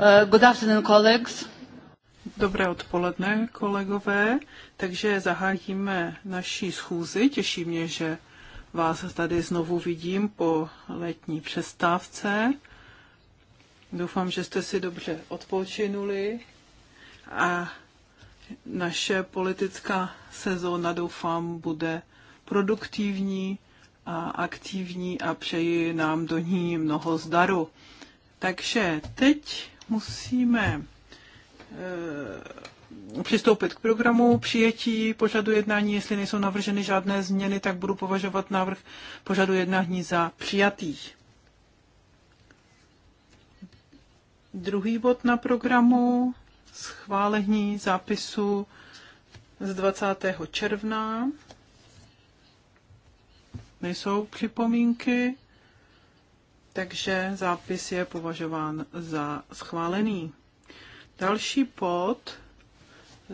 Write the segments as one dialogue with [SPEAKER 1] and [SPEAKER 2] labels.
[SPEAKER 1] Uh, good afternoon, colleagues. Dobré odpoledne, kolegové. Takže zahájíme naší schůzi. Těší mě, že vás tady znovu vidím po letní přestávce. Doufám, že jste si dobře odpočinuli a naše politická sezóna, doufám, bude produktivní a aktivní a přeji nám do ní mnoho zdaru. Takže teď musíme eh, přistoupit k programu přijetí pořadu jednání. Jestli nejsou navrženy žádné změny, tak budu považovat návrh pořadu jednání za přijatý. Druhý bod na programu schválení zápisu z 20. června. Nejsou připomínky takže zápis je považován za schválený. Další pod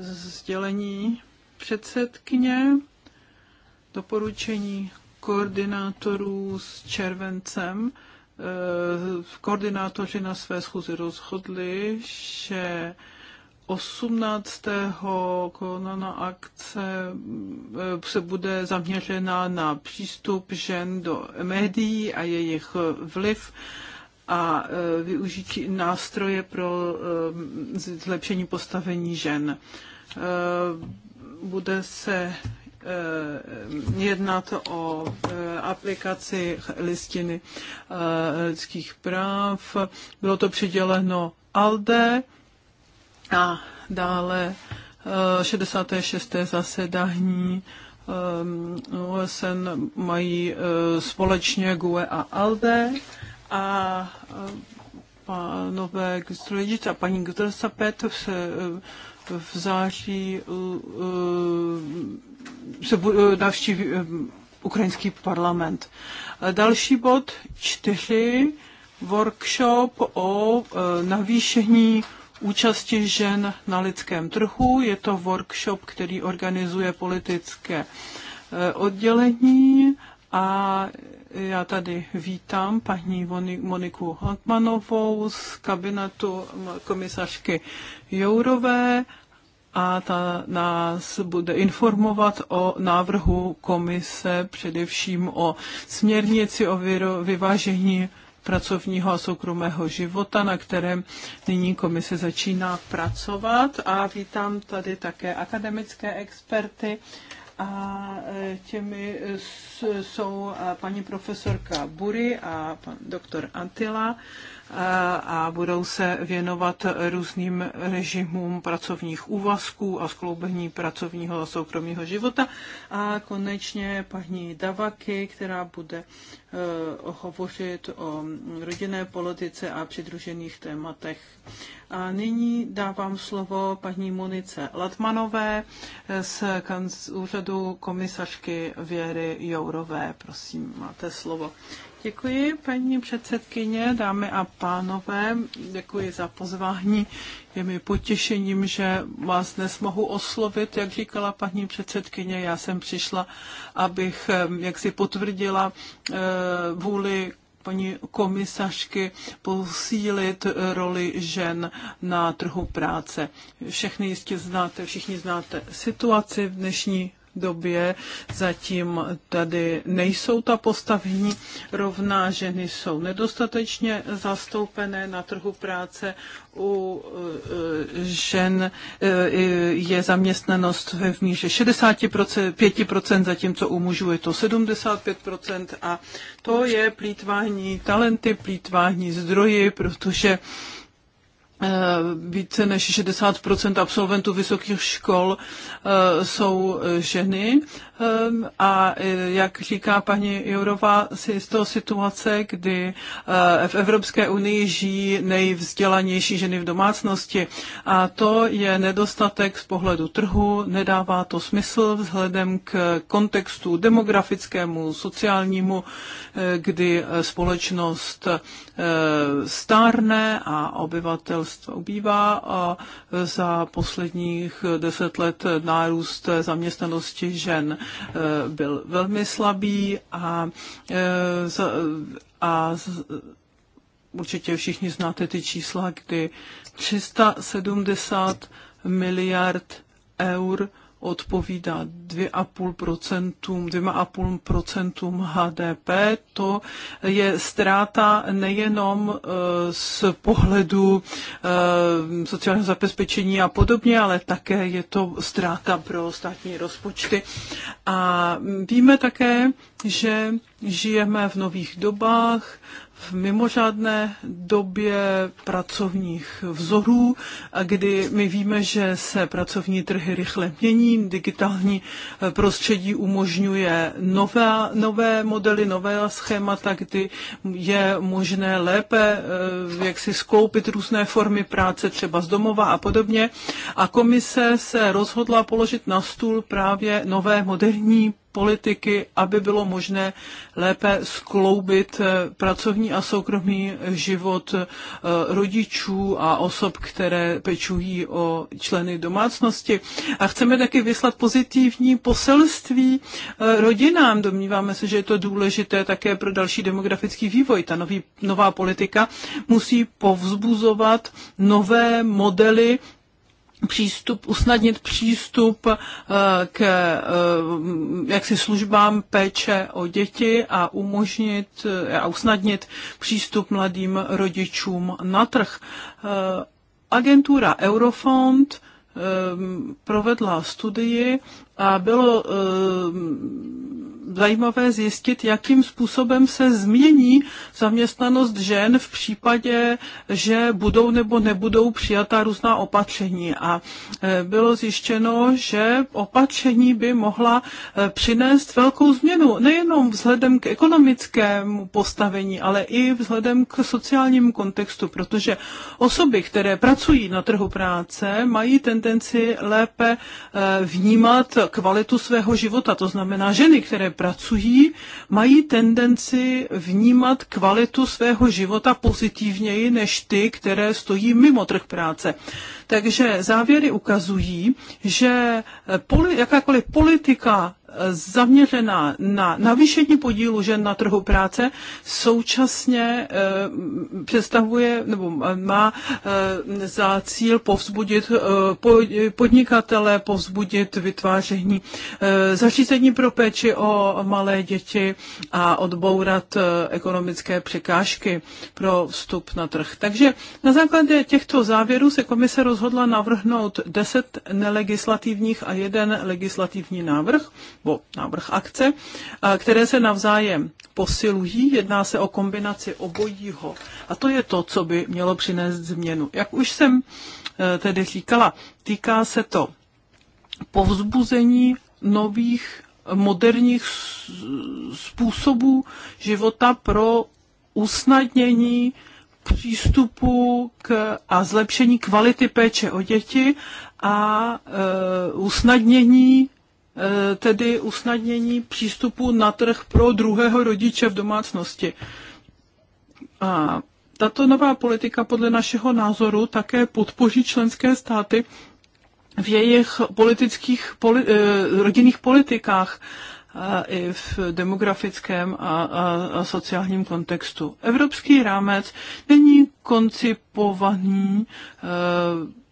[SPEAKER 1] sdělení předsedkyně, doporučení koordinátorů s červencem. Eh, koordinátoři na své schůzi rozhodli, že 18. konana akce eh, se bude zaměřena na přístup žen do médií a jejich vliv a eh, využití nástroje pro eh, zlepšení postavení žen. Bude se jednat o aplikaci listiny lidských práv. Bylo to přiděleno ALDE a dále 66. Eh, zasedání OSN eh, mají eh, společně GUE a ALDE a panové Gustolidic a paní Gutrasapet se v září se navštíví ukrajinský parlament. Další bod čtyři, workshop o navýšení účasti žen na lidském trhu. Je to workshop, který organizuje politické eh, oddělení a já tady vítám paní Moniku Hankmanovou z kabinetu komisařky Jourové a ta nás bude informovat o návrhu komise, především o směrnici o vyvážení pracovního a soukromého života, na kterém nyní komise začíná pracovat. A vítám tady také akademické experty. A e, těmi jsou paní profesorka Bury a pan doktor Antila a budou se věnovat různým režimům pracovních úvazků a skloubení pracovního a soukromého života. A konečně paní Davaky, která bude eh, hovořit o rodinné politice a přidružených tématech. A nyní dávám slovo paní Monice Latmanové eh, z úřadu komisařky Věry Jourové. Prosím, máte slovo. Děkuji, paní předsedkyně, dámy a pánové. Děkuji za pozvání. Je mi potěšením, že vás dnes mohu oslovit. Jak říkala paní předsedkyně, já jsem přišla, abych eh, jaksi potvrdila eh, vůli paní komisařky posílit eh, roli žen na trhu práce. Všechny jistě znáte, všichni znáte situaci v dnešní době zatím tady nejsou ta postavení rovná, ženy jsou nedostatečně zastoupené na trhu práce, u e, žen e, je zaměstnanost ve míře 65%, zatímco u mužů je to 75% a to je plítvání talenty, plítvání zdroji, protože Eh, více než 60 absolventů vysokých škol eh, jsou eh, ženy. A jak říká paní Jourová, z toho situace, kdy v Evropské unii žijí nejvzdělanější ženy v domácnosti. A to je nedostatek z pohledu trhu, nedává to smysl vzhledem k kontextu demografickému, sociálnímu, kdy společnost stárne a obyvatel obyvatelstva ubývá a za posledních deset let nárůst zaměstnanosti žen eh, byl velmi slabý a, eh, a určitě všichni znáte ty čísla, kdy 370 miliard eur odpovídá 2,5%, 2,5% HDP. To je ztráta nejenom e, z pohledu e, sociálního zabezpečení a podobně, ale také je to ztráta pro státní rozpočty. A víme také, že žijeme v nových dobách, v mimořádné době pracovních vzorů, a kdy my víme, že se pracovní trhy rychle mění, digitální eh, prostředí umožňuje nové, nové modely, nové schémata, kdy je možné lépe eh, jak si skoupit různé formy práce třeba z domova a podobně. A komise se rozhodla položit na stůl právě nové moderní politiky, aby bylo možné lépe skloubit eh, pracovní a soukromý život eh, rodičů a osob, které pečují o členy domácnosti. A chceme taky vyslat pozitivní poselství eh, rodinám. Domníváme se, že je to důležité také pro další demografický vývoj. Ta nový, nová politika musí povzbuzovat nové modely přístup, usnadnit přístup eh, k eh, jaksi službám péče o děti a umožnit eh, a usnadnit přístup mladým rodičům na trh. Agentura Eurofond provedla studii a bylo zajímavé zjistit, jakým způsobem se změní zaměstnanost žen v případě, že budou nebo nebudou přijata různá opatření. A e, bylo zjištěno, že opatření by mohla e, přinést velkou změnu, nejenom vzhledem k ekonomickému postavení, ale i vzhledem k sociálnímu kontextu, protože osoby, které pracují na trhu práce, mají tendenci lépe e, vnímat kvalitu svého života. To znamená ženy, které pracují, mají tendenci vnímat kvalitu svého života pozitivněji než ty, které stojí mimo trh práce. Takže závěry ukazují, že eh, poli, jakákoliv politika eh, zaměřená na navýšení podílu žen na trhu práce současně eh, představuje nebo má za cíl povzbudit podnikatele, povzbudit vytváření zařízení pro péči o malé děti a odbourat ekonomické překážky pro vstup na trh. Takže na základě těchto závěrů se komise rozhodla, rozhodla navrhnout deset nelegislativních a jeden legislativní návrh, bo návrh akce, které se navzájem posilují. Jedná se o kombinaci obojího. A to je to, co by mělo přinést změnu. Jak už jsem e, tedy říkala, týká se to povzbuzení nových moderních způsobů života pro usnadnění přístupu k, a zlepšení kvality péče o děti a e, usnadnění e, tedy usnadnění přístupu na trh pro druhého rodiče v domácnosti. A tato nová politika podle našeho názoru také podpoří členské státy v jejich politických, poli, e, rodinných politikách i v demografickém a, a, a sociálním kontextu. Evropský rámec není koncipovaný eh,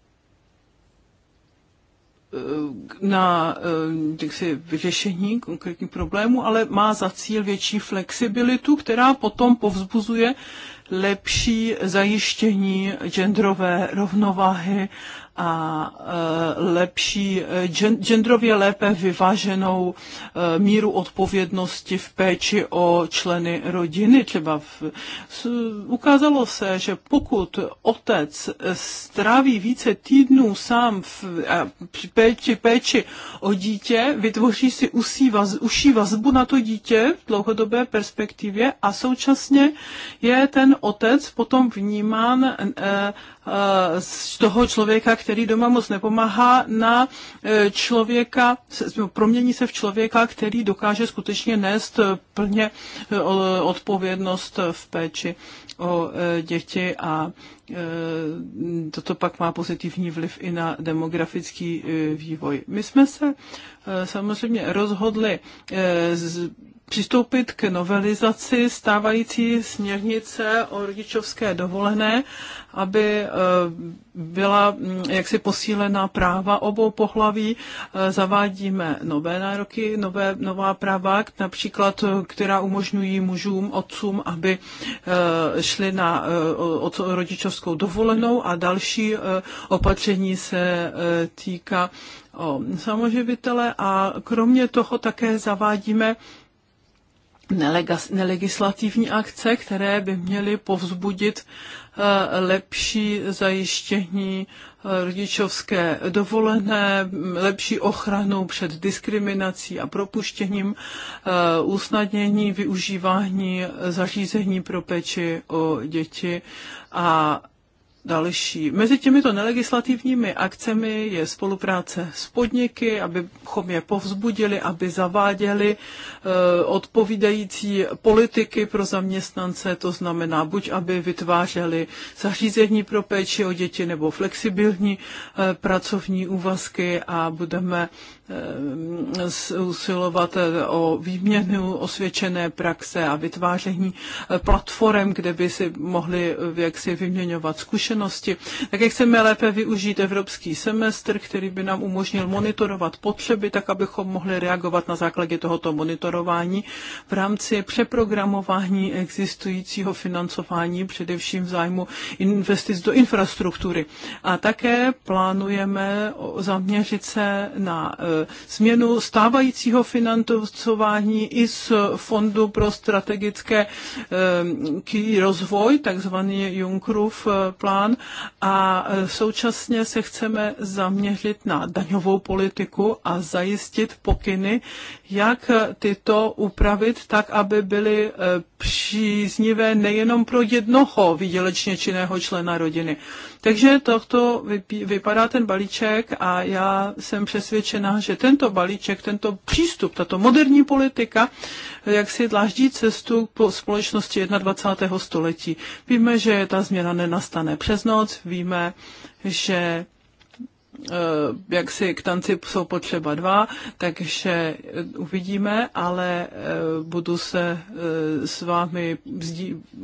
[SPEAKER 1] na eh, jaksi, vyřešení konkrétních problémů, ale má za cíl větší flexibilitu, která potom povzbuzuje lepší zajištění genderové rovnováhy a e, lepší, e, genderově lépe vyváženou e, míru odpovědnosti v péči o členy rodiny. Třeba v, ukázalo se, že pokud otec stráví více týdnů sám v péči, péči o dítě, vytvoří si usí vaz, uší vazbu na to dítě v dlouhodobé perspektivě a současně je ten otec potom vnímán z toho člověka, který doma moc nepomáhá, na e, člověka, promění se v člověka, který dokáže skutečně nést e, plně e, odpovědnost v péči o děti a toto pak má pozitivní vliv i na demografický vývoj. My jsme se samozřejmě rozhodli přistoupit k novelizaci stávající směrnice o rodičovské dovolené, aby e, byla mm, jaksi posílena práva obou pohlaví. E, zavádíme nové nároky, nové, nová práva, například, e, která umožňují mužům, otcům, aby šli na rodičovskou dovolenou a další opatření se týká o samoživitele a kromě toho také zavádíme nelegislativní akce, které by měly povzbudit eh, lepší zajištění eh, rodičovské dovolené, mm, lepší ochranu před diskriminací a propuštěním, eh, usnadnění využívání zařízení pro péči o děti a Další. Mezi těmito nelegislativními akcemi je spolupráce s podniky, abychom je povzbudili, aby zaváděli eh, odpovídající politiky pro zaměstnance, to znamená buď, aby vytvářeli zařízení pro péči o děti nebo flexibilní eh, pracovní úvazky a budeme Eh, usilovat eh, o výměnu osvědčené praxe a vytváření eh, platform, kde by si mohli jaksi vyměňovat zkušenosti. Tak jak chceme lépe využít evropský semestr, který by nám umožnil monitorovat potřeby, tak abychom mohli reagovat na základě tohoto monitorování v rámci přeprogramování existujícího financování, především v zájmu investic do infrastruktury. A také plánujeme zaměřit se na změnu stávajícího financování i z Fondu pro strategické eh, rozvoj, takzvaný Junckerův eh, plán a eh, současně se chceme zaměřit na daňovou politiku a zajistit pokyny, jak tyto upravit tak, aby byly příznivé nejenom pro jednoho výdělečně činného člena rodiny. Takže tohto vypadá ten balíček a já jsem přesvědčena, že tento balíček, tento přístup, tato moderní politika, jak si dláždí cestu po společnosti 21. století. Víme, že ta změna nenastane přes noc, víme, že Eh, jak si k tanci jsou potřeba dva, takže eh, uvidíme, ale eh, budu se s vámi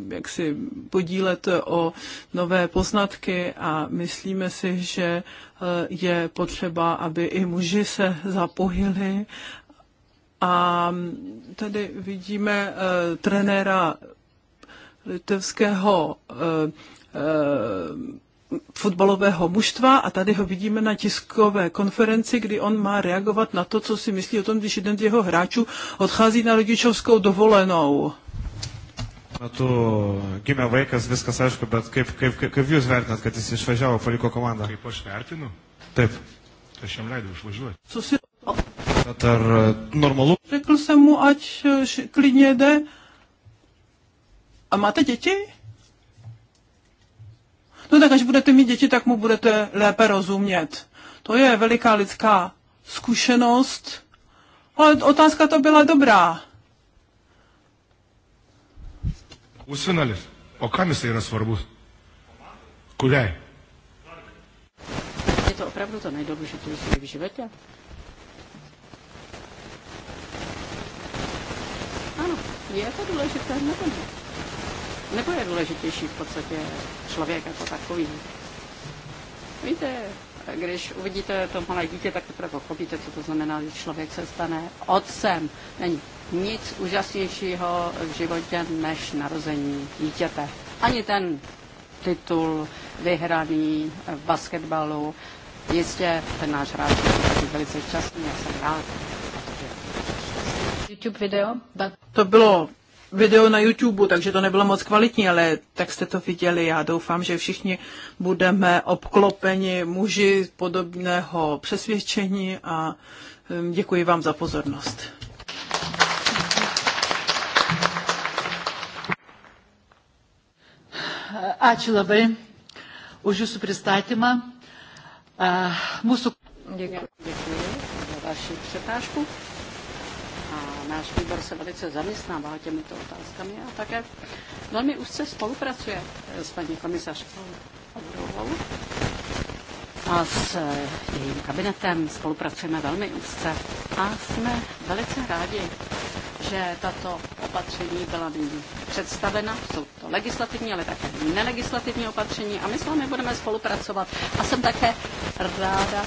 [SPEAKER 1] jak si podílet o nové poznatky a myslíme si, že je potřeba, aby i muži se zapojili a mm, tady vidíme uh, trenéra litevského uh, uh, fotbalového mužstva a tady ho vidíme na tiskové konferenci, kdy on má reagovat na to, co si myslí o tom, když jeden z jeho hráčů odchází na rodičovskou dovolenou. To gimė vaikas, viskas aišku, bet kaip, kaip, kaip jūs vertinat, kad jis išvažiavo, paliko komandą? Kaip aš vertinu? Taip. Aš jam leidau išvažiuoti. Susi... Bet ar eh, normalu? Řekl jsem mu, ať eh, klidně jde. A máte děti? No tak až budete mít děti, tak mu budete lépe rozumět. To je veliká lidská zkušenost, ale otázka to byla dobrá.
[SPEAKER 2] Usunali. o kam je na svorbu. Kudé? Je to opravdu to nejdůležitější v životě? Ano, je to důležité nebo ne? Nebo je důležitější v podstatě člověk jako takový? Víte, když uvidíte to malé dítě, tak teprve pochopíte, co to znamená, když člověk se stane otcem. Není nic úžasnějšího v životě než narození dítěte. Ani ten titul vyhraný v basketbalu. Jistě
[SPEAKER 1] ten náš hráč je velice šťastný, já jsem rád.
[SPEAKER 2] YouTube video.
[SPEAKER 1] To bylo video na YouTube, takže to nebylo moc kvalitní, ale tak jste to viděli. Já doufám, že všichni budeme obklopeni muži podobného přesvědčení a um, děkuji vám za pozornost.
[SPEAKER 2] Ačiū labai už jūsų pristatymą. Mūsų... Děkuji, děkuji za vaši přednášku. Náš výbor se velice zaměstnává těmito otázkami a také velmi úzce spolupracuje s paní komisařkou Abrovou a s eh, jejím kabinetem spolupracujeme velmi úzce a jsme velice rádi, že tato opatření byla nyní představena. Jsou to legislativní, ale také nelegislativní opatření a my s vámi budeme spolupracovat. A jsem také ráda,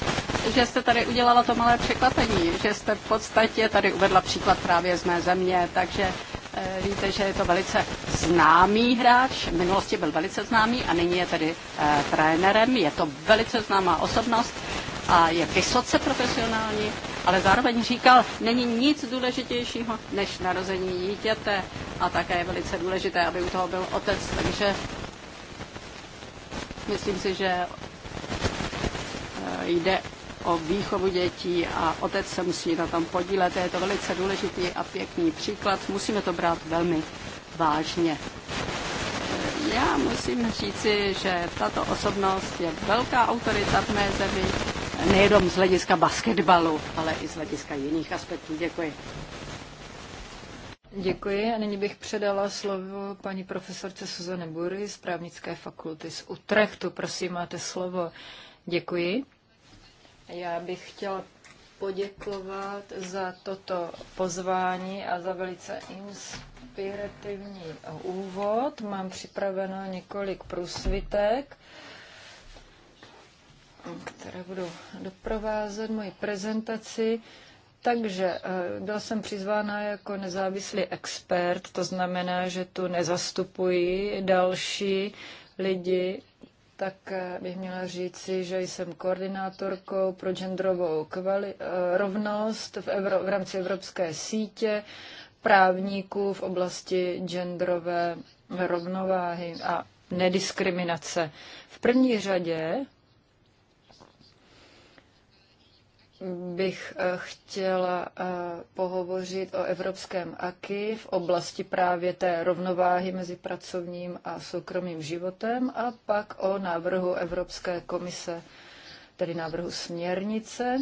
[SPEAKER 2] že jste tady udělala to malé překvapení, že jste v podstatě tady uvedla příklad právě z mé země, takže Eh, víte, že je to velice známý hráč, v minulosti byl velice známý a nyní je tedy eh, trenérem, je to velice známá osobnost a je vysoce profesionální, ale zároveň říkal, není nic důležitějšího než narození dítěte a také je velice důležité, aby u toho byl otec, takže myslím si, že eh, jde o výchovu dětí a otec se musí na tom podílet. Je to velice důležitý a pěkný příklad. Musíme to brát velmi vážně. Já musím říci, že tato osobnost je velká autorita v mé zemi, nejenom z hlediska basketbalu, ale i z hlediska jiných aspektů. Děkuji.
[SPEAKER 3] Děkuji a nyní bych předala slovo paní profesorce Suzane Bury z právnické fakulty z Utrechtu. Prosím, máte slovo. Děkuji. Já bych chtěla poděkovat za toto pozvání a za velice inspirativní úvod. Mám připraveno několik průsvitek, které budou doprovázet moji prezentaci. Takže eh, byla jsem přizvána jako nezávislý expert, to znamená, že tu nezastupuji další lidi, tak eh, bych měla říci, že jsem koordinátorkou pro genderovou kvali- eh, rovnost v, Evro- v rámci Evropské sítě právníků v oblasti genderové rovnováhy a nediskriminace. V první řadě bych eh, chtěla eh, pohovořit o evropském AKI v oblasti právě té rovnováhy mezi pracovním a soukromým životem a pak o návrhu Evropské komise, tedy návrhu směrnice.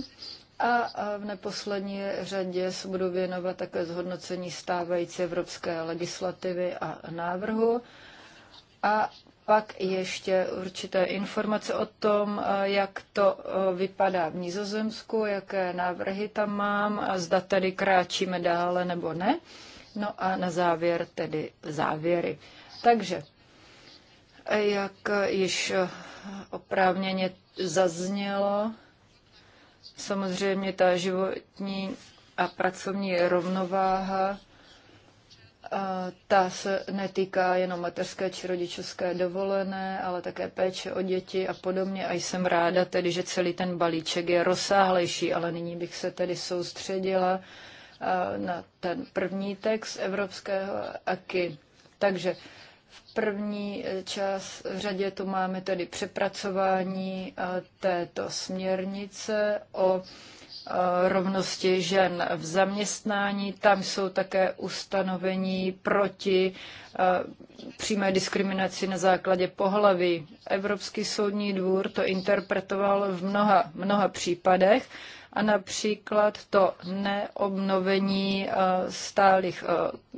[SPEAKER 3] A v neposlední řadě se budu věnovat také zhodnocení stávající evropské legislativy a návrhu a pak ještě určité informace o tom, eh, jak to eh, vypadá v Nizozemsku, jaké návrhy tam mám a zda tedy kráčíme dále nebo ne. No a na závěr tedy závěry. Takže, eh, jak již oprávněně zaznělo, samozřejmě ta životní a pracovní rovnováha a ta se netýká jenom mateřské či rodičovské dovolené, ale také péče o děti a podobně. A jsem ráda tedy, že celý ten balíček je rozsáhlejší, ale nyní bych se tedy soustředila na ten první text evropského AKI. Takže v první e, čas v řadě tu máme tedy přepracování této směrnice o Eh, rovnosti žen v zaměstnání. Tam jsou také ustanovení proti eh, přímé diskriminaci na základě pohlaví. Evropský soudní dvůr to interpretoval v mnoha, mnoha případech a například to neobnovení eh, stálých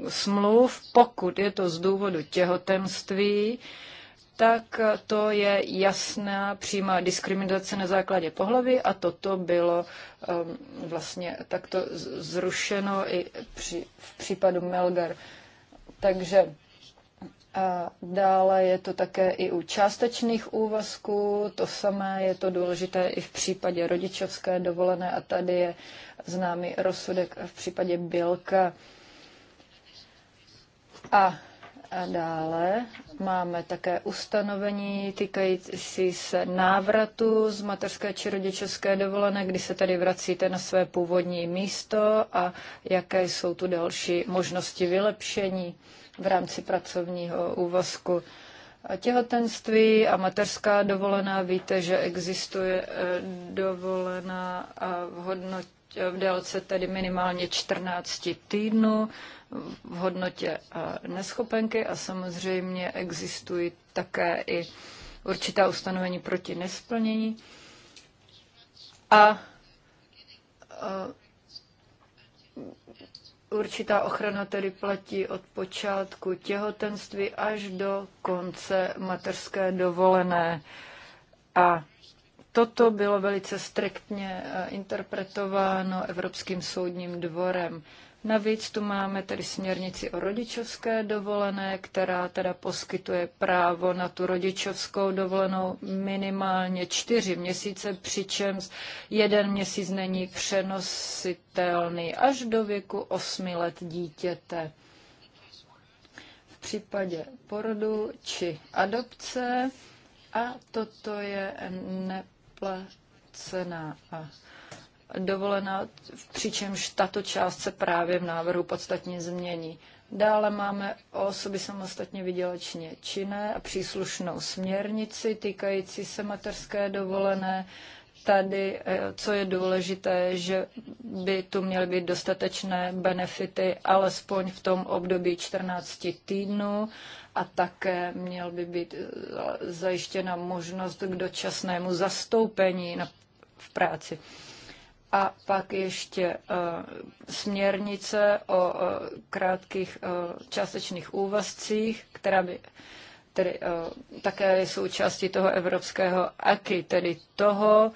[SPEAKER 3] smluv, pokud je to z důvodu těhotenství, tak to je jasná přímá diskriminace na základě pohlaví a toto bylo um, vlastně takto zrušeno i při, v případu Melgar. Takže a dále je to také i u částečných úvazků, to samé je to důležité i v případě rodičovské dovolené a tady je známý rozsudek v případě Bilka. A a dále máme také ustanovení týkající se návratu z materské či rodičovské dovolené, kdy se tady vracíte na své původní místo a jaké jsou tu další možnosti vylepšení v rámci pracovního úvazku. A těhotenství a materská dovolená, víte, že existuje eh, dovolená v hodnotě v délce tedy minimálně 14 týdnů v hodnotě eh, neschopenky a samozřejmě existují také i určitá ustanovení proti nesplnění. A eh, určitá ochrana tedy platí od počátku těhotenství až do konce mateřské dovolené. A toto bylo velice striktně eh, interpretováno Evropským soudním dvorem. Navíc tu máme tedy směrnici o rodičovské dovolené, která teda poskytuje právo na tu rodičovskou dovolenou minimálně čtyři měsíce, přičemž jeden měsíc není přenositelný až do věku osmi let dítěte. V případě porodu či adopce a toto je neplacená a dovolená, přičemž tato část se právě v návrhu podstatně změní. Dále máme osoby samostatně vydělečně činné a příslušnou směrnici týkající se materské dovolené. Tady, eh, co je důležité, že by tu měly být dostatečné benefity, alespoň v tom období 14 týdnů a také měl by být eh, zajištěna možnost k dočasnému zastoupení na, v práci a pak ještě eh, směrnice o eh, krátkých eh, částečných úvazcích, která by tedy také je součástí toho evropského AKI, tedy toho,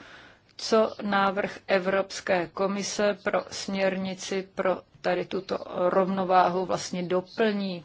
[SPEAKER 3] co návrh Evropské komise pro směrnici pro tady tuto rovnováhu vlastně doplní.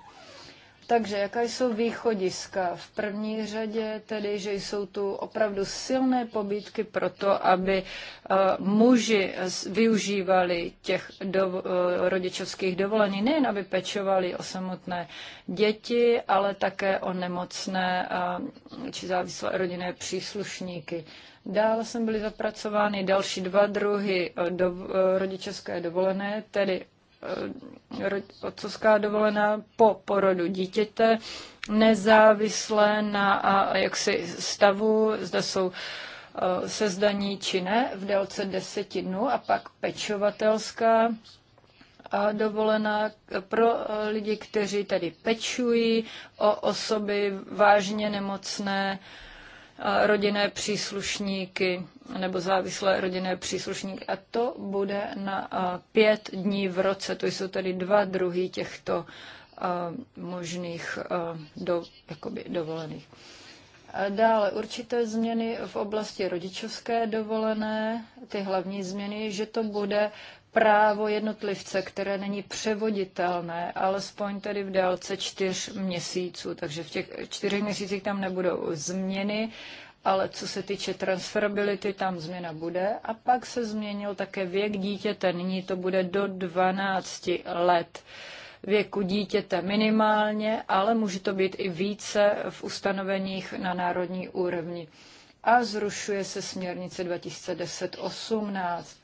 [SPEAKER 3] Takže jaká jsou východiska? V první řadě tedy, že jsou tu opravdu silné pobídky pro to, aby eh, muži využívali těch do, eh, rodičovských dovolení, nejen aby pečovali o samotné děti, ale také o nemocné eh, či závislé rodinné příslušníky. Dále jsem byly zapracovány další dva druhy do, rodičovské dovolené, tedy Eh, otcovská dovolená po porodu dítěte, nezávislé na jaksi stavu, zda jsou eh, sezdaní či ne, v délce deseti dnů a pak pečovatelská a dovolená pro eh, lidi, kteří tedy pečují o osoby vážně nemocné, Eh, rodinné příslušníky nebo závislé rodinné příslušníky. A to bude na eh, pět dní v roce. To jsou tedy dva druhy těchto eh, možných do, jakoby, dovolených. A dále určité změny v oblasti rodičovské dovolené, ty hlavní změny, že to bude právo jednotlivce, které není převoditelné, alespoň tedy v délce čtyř měsíců. Takže v těch čtyřech měsících tam nebudou změny, ale co se týče transferability, tam změna bude. A pak se změnil také věk dítěte. Nyní to bude do 12 let věku dítěte minimálně, ale může to být i více v ustanoveních na národní úrovni. A zrušuje se směrnice 2018.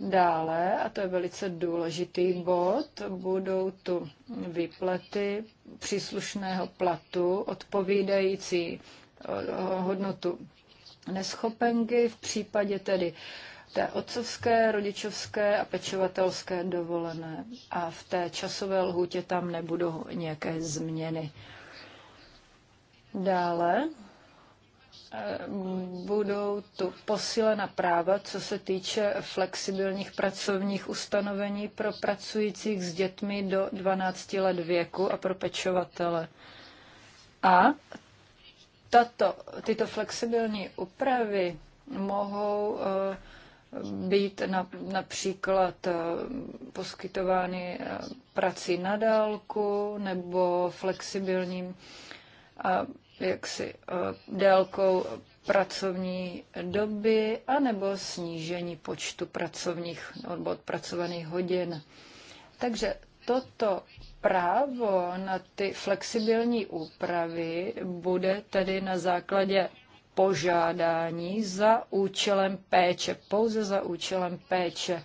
[SPEAKER 3] Dále, a to je velice důležitý bod, budou tu výplaty příslušného platu odpovídající eh, hodnotu neschopenky v případě tedy té otcovské, rodičovské a pečovatelské dovolené. A v té časové lhůtě tam nebudou nějaké změny. Dále budou tu posílena práva, co se týče flexibilních pracovních ustanovení pro pracujících s dětmi do 12 let věku a pro pečovatele. A tato, tyto flexibilní úpravy mohou eh, být na, například eh, poskytovány eh, prací na dálku nebo flexibilním jaksi eh, délkou pracovní doby anebo snížení počtu pracovních nebo odpracovaných hodin. Takže toto právo na ty flexibilní úpravy bude tedy na základě požádání za účelem péče, pouze za účelem péče.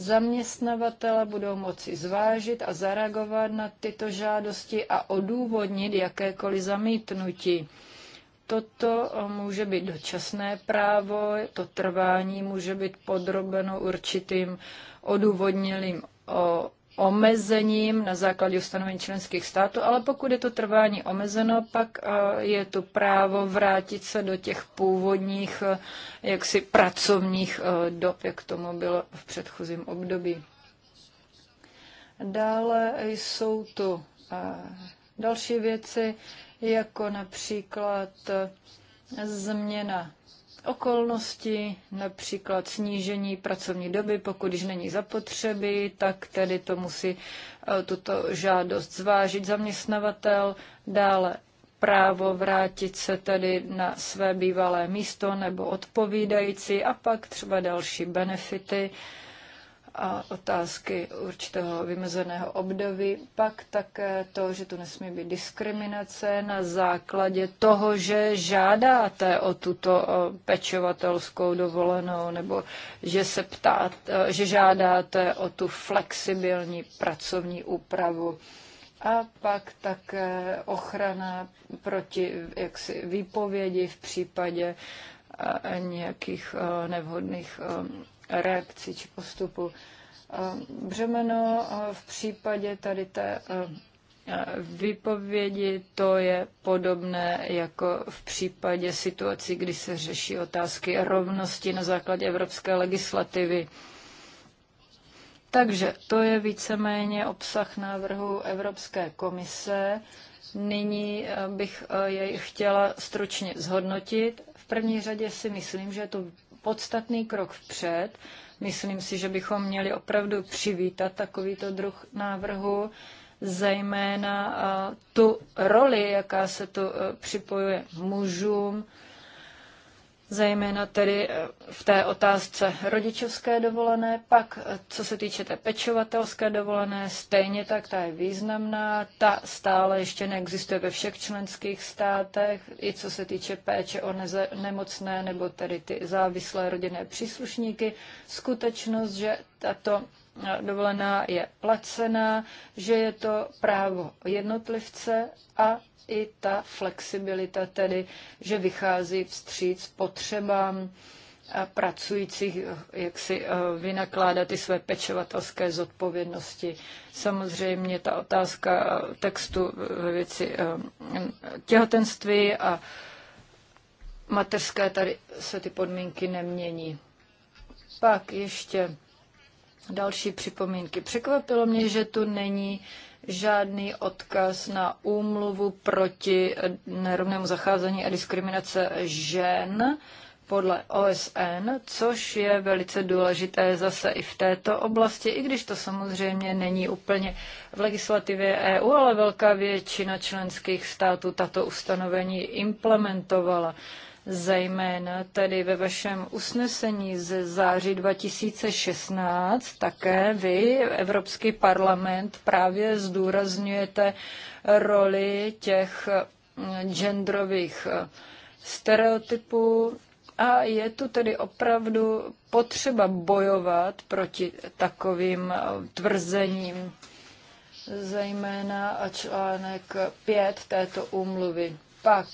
[SPEAKER 3] Zaměstnavatele budou moci zvážit a zareagovat na tyto žádosti a odůvodnit jakékoliv zamítnutí. Toto může být dočasné právo, to trvání může být podrobeno určitým odůvodnělým omezením na základě ustanovení členských států, ale pokud je to trvání omezeno, pak eh, je to právo vrátit se do těch původních eh, jaksi pracovních eh, dob, jak tomu bylo v předchozím období. Dále jsou tu další věci, jako například změna okolnosti, například snížení pracovní doby, pokud již není zapotřeby, tak tedy to musí e, tuto žádost zvážit zaměstnavatel. Dále právo vrátit se tedy na své bývalé místo nebo odpovídající a pak třeba další benefity, a otázky určitého vymezeného období, pak také to, že tu nesmí být diskriminace na základě toho, že žádáte o tuto pečovatelskou dovolenou nebo že se ptáte, že žádáte o tu flexibilní pracovní úpravu. A pak také ochrana proti jaksi, výpovědi v případě nějakých nevhodných reakci či postupu. Eh, břemeno eh, v případě tady té eh, výpovědi to je podobné jako v případě situací, kdy se řeší otázky rovnosti na základě evropské legislativy. Takže to je víceméně obsah návrhu Evropské komise. Nyní bych jej chtěla stručně zhodnotit. V první řadě si myslím, že je to podstatný krok vpřed. Myslím si, že bychom měli opravdu přivítat takovýto druh návrhu, zejména tu roli, jaká se tu e, připojuje mužům, zejména tedy eh, v té otázce rodičovské dovolené, pak eh, co se týče té pečovatelské dovolené, stejně tak ta je významná, ta stále ještě neexistuje ve všech členských státech, i co se týče péče o neze- nemocné nebo tedy ty závislé rodinné příslušníky, skutečnost, že tato dovolená je placená, že je to právo jednotlivce a i ta flexibilita tedy, že vychází vstříc potřebám pracujících, jak si eh, vynakládat ty své pečovatelské zodpovědnosti. Samozřejmě ta otázka eh, textu eh, ve věci těhotenství a mateřské, tady se ty podmínky nemění. Pak ještě Další připomínky. Překvapilo mě, že tu není žádný odkaz na úmluvu proti nerovnému zacházení a diskriminace žen podle OSN, což je velice důležité zase i v této oblasti, i když to samozřejmě není úplně v legislativě EU, ale velká většina členských států tato ustanovení implementovala. Zejména tedy ve vašem usnesení ze září 2016 také vy, Evropský parlament, právě zdůrazňujete roli těch genderových stereotypů a je tu tedy opravdu potřeba bojovat proti takovým tvrzením, zejména a článek 5 této úmluvy. Pak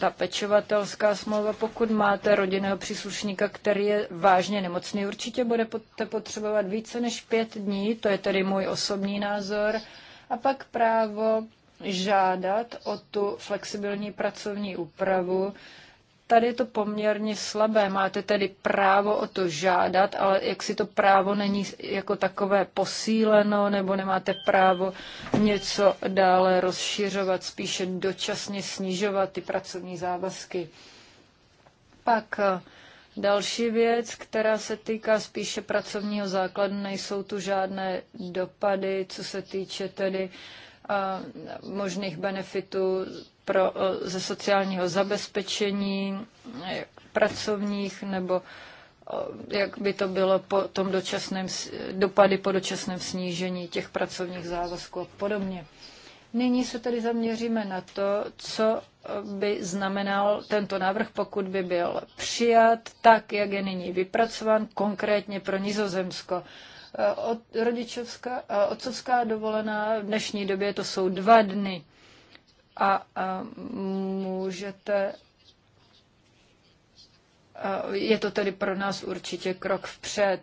[SPEAKER 3] ta pečovatelská smlouva, pokud máte rodinného příslušníka, který je vážně nemocný, určitě budete potřebovat více než pět dní, to je tedy můj osobní názor. A pak právo žádat o tu flexibilní pracovní úpravu, Tady je to poměrně slabé. Máte tedy právo o to žádat, ale jak si to právo není jako takové posíleno, nebo nemáte právo něco dále rozšiřovat, spíše dočasně snižovat ty pracovní závazky. Pak eh, Další věc, která se týká spíše pracovního základu, nejsou tu žádné dopady, co se týče tedy Eh, možných benefitů pro, eh, ze sociálního zabezpečení, eh, pracovních nebo jak by to bylo po tom dočasném, dopady po dočasném snížení těch pracovních závazků a podobně. Nyní se tedy zaměříme na to, co by znamenal tento návrh, pokud by byl přijat tak, jak je nyní vypracován, konkrétně pro Nizozemsko. Eh, od, rodičovská, eh, otcovská dovolená, v dnešní době to jsou dva dny. A, a můžete eh, je to tedy pro nás určitě krok vpřed.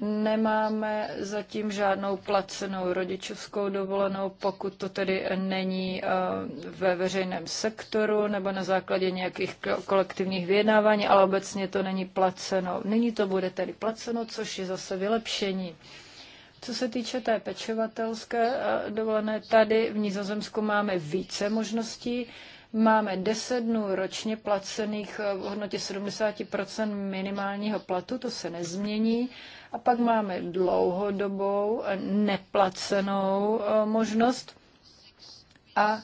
[SPEAKER 3] Nemáme zatím žádnou placenou rodičovskou dovolenou, pokud to tedy není eh, ve veřejném sektoru nebo na základě nějakých kolektivních vyjednávání, ale obecně to není placeno. Nyní to bude tedy placeno, což je zase vylepšení. Co se týče té pečovatelské eh, dovolené, tady v Nizozemsku máme více možností. Máme 10 dnů ročně placených eh, v hodnotě 70 minimálního platu, to se nezmění. A pak máme dlouhodobou neplacenou eh, možnost a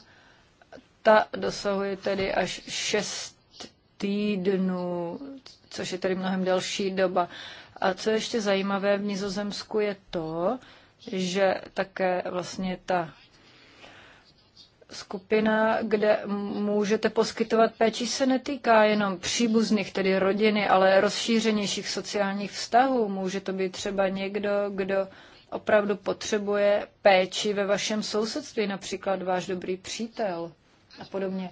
[SPEAKER 3] ta dosahuje tedy až 6 týdnů, což je tedy mnohem delší doba. A co je ještě zajímavé v Nizozemsku je to, že také vlastně ta skupina, kde můžete poskytovat péči, se netýká jenom příbuzných, tedy rodiny, ale rozšířenějších sociálních vztahů. Může to být třeba někdo, kdo opravdu potřebuje péči ve vašem sousedství, například váš dobrý přítel a podobně.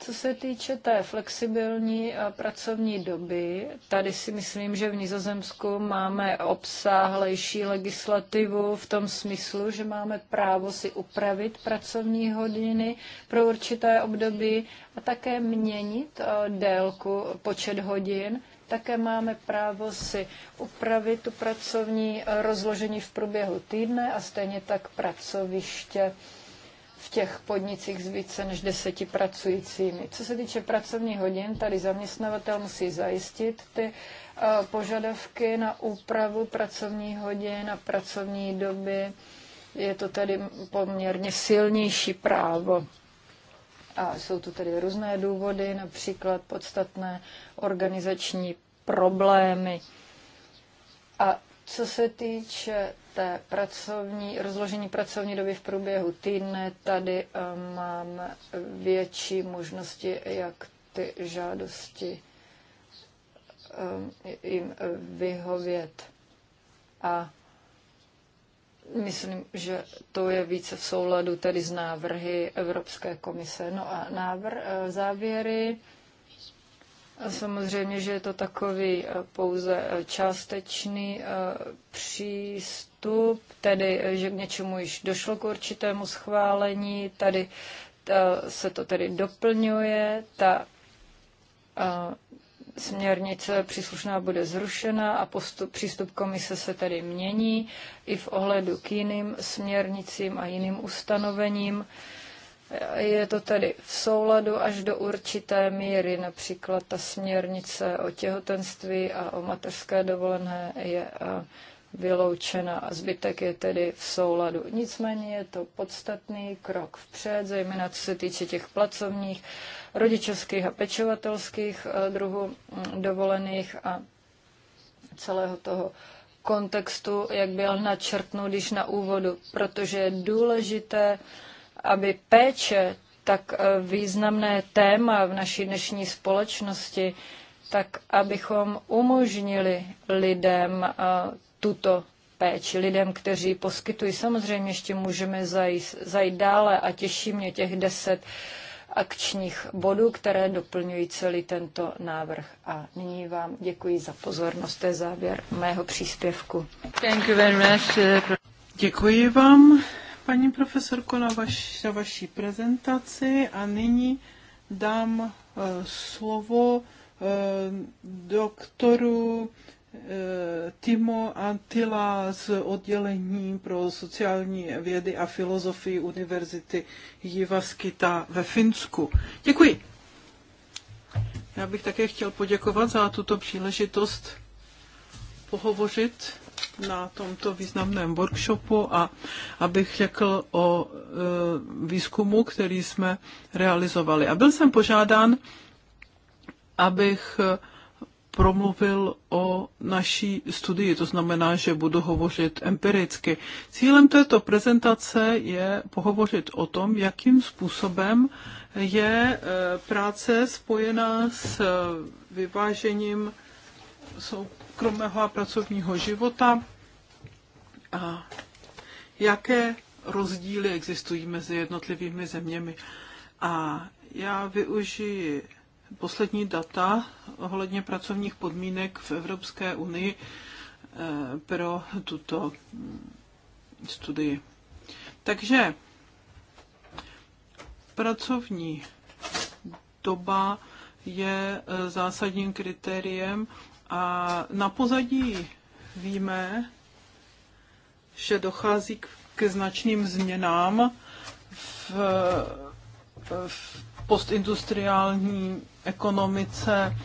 [SPEAKER 3] Co se týče té flexibilní eh, pracovní doby, tady si myslím, že v Nizozemsku máme obsáhlejší legislativu v tom smyslu, že máme právo si upravit pracovní hodiny pro určité období a také měnit eh, délku, počet hodin. Také máme právo si upravit tu pracovní eh, rozložení v průběhu týdne a stejně tak pracoviště v těch podnicích s více než deseti pracujícími. Co se týče pracovních hodin, tady zaměstnavatel musí zajistit ty eh, požadavky na úpravu pracovních hodin a pracovní doby. Je to tedy poměrně silnější právo. A jsou tu tedy různé důvody, například podstatné organizační problémy. A co se týče té pracovní, rozložení pracovní doby v průběhu týdne, tady eh, mám větší možnosti, jak ty žádosti eh, jim vyhovět. A myslím, že to je více v souladu tedy s návrhy Evropské komise. No a návr, eh, závěry Samozřejmě, že je to takový eh, pouze eh, částečný eh, přístup, tedy že k něčemu již došlo k určitému schválení, tady se to tedy doplňuje, ta směrnice příslušná bude zrušena a postup, přístup komise se tedy mění i v ohledu k jiným směrnicím a jiným ustanovením. Uh, je to tedy v souladu až do určité míry, například ta směrnice o těhotenství a o mateřské dovolené je eh, vyloučena a zbytek je tedy v souladu. Nicméně je to podstatný krok vpřed, zejména co se týče těch placovních, rodičovských a pečovatelských eh, druhů mm, dovolených a celého toho kontextu, jak byl načrtnut již na úvodu, protože je důležité aby péče, tak eh, významné téma v naší dnešní společnosti, tak abychom umožnili lidem eh, tuto péči lidem, kteří poskytují. Samozřejmě ještě můžeme zajít, zajít dále a těší mě těch deset akčních bodů, které doplňují celý tento návrh. A nyní vám děkuji za pozornost. To je závěr
[SPEAKER 1] mého příspěvku. Thank you very much. Eh, děkuji vám paní profesorko, na, vaš, na vaší prezentaci a nyní dám uh, slovo uh, doktoru eh, Timo Antila z oddělení pro sociální vědy a filozofii Univerzity Jivaskita ve Finsku. Děkuji. Já bych také chtěl poděkovat za tuto příležitost pohovořit na tomto významném workshopu a abych řekl o e, výzkumu, který jsme realizovali. A byl jsem požádán, abych e, promluvil o naší studii, to znamená, že budu hovořit empiricky. Cílem této prezentace je pohovořit o tom, jakým způsobem je e, práce spojená s e, vyvážením sou soukromého a pracovního života a jaké rozdíly existují mezi jednotlivými zeměmi. A já využiji poslední data ohledně pracovních podmínek v Evropské unii eh, pro tuto studii. Takže pracovní doba je eh, zásadním kritériem a na pozadí víme, že dochází k, k značným změnám v, v postindustriální ekonomice,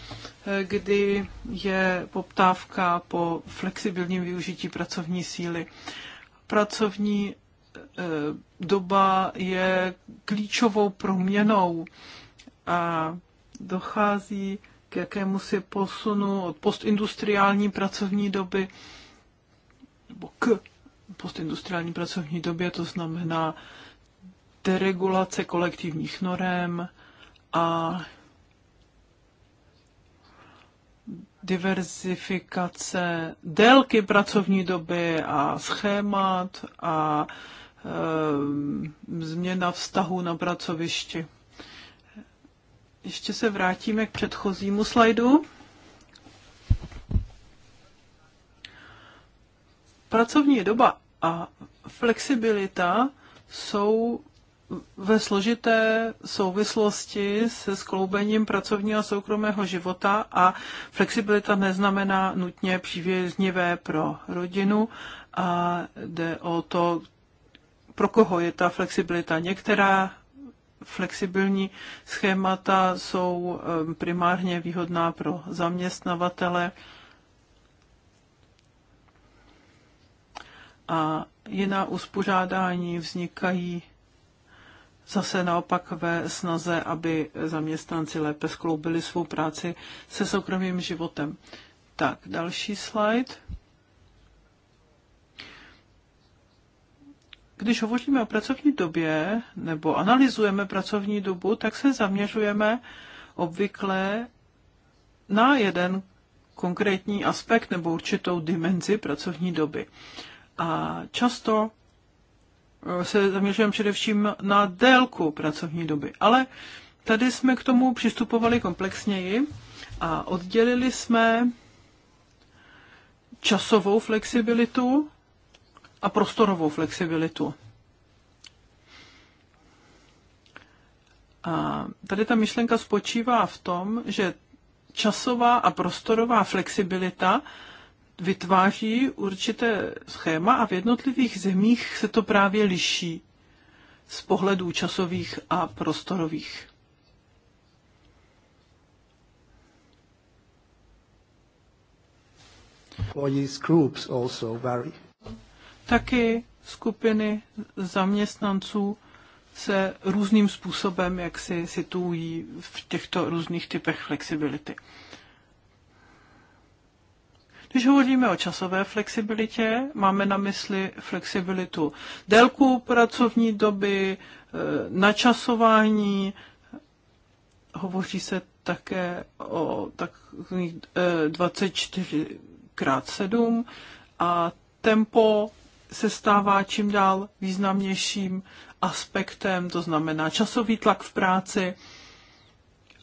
[SPEAKER 1] kdy je poptávka po flexibilním využití pracovní síly. Pracovní e, doba je klíčovou proměnou a dochází k jakému si posunu od postindustriální pracovní doby, nebo k postindustriální pracovní době, to znamená deregulace kolektivních norem a diverzifikace délky pracovní doby a schémat a e, změna vztahu na pracovišti. Ještě se vrátíme k předchozímu slajdu. Pracovní doba a flexibilita jsou ve složité souvislosti se skloubením pracovního a soukromého života a flexibilita neznamená nutně přívěznivé pro rodinu a jde o to, pro koho je ta flexibilita. Některá flexibilní schémata jsou eh, primárně výhodná pro zaměstnavatele a jiná uspořádání vznikají zase naopak ve snaze, aby zaměstnanci lépe skloubili svou práci se soukromým životem. Tak, další slide. Když hovoříme o pracovní době nebo analyzujeme pracovní dobu, tak se zaměřujeme obvykle na jeden konkrétní aspekt nebo určitou dimenzi pracovní doby. A často eh, se zaměřujeme především na délku pracovní doby. Ale tady jsme k tomu přistupovali komplexněji a oddělili jsme časovou flexibilitu a prostorovou flexibilitu. A tady ta myšlenka spočívá v tom, že časová a prostorová flexibilita vytváří určité schéma a v jednotlivých zemích se to právě liší z pohledů časových a prostorových. Employees groups also vary taky skupiny zaměstnanců se různým způsobem, jak si situují v těchto různých typech flexibility. Když hovoříme o časové flexibilitě, máme na mysli flexibilitu délku pracovní doby, e, načasování, hovoří se také o tak 24 e, krát 7 a tempo se stává čím dál významnějším aspektem, to znamená časový tlak v práci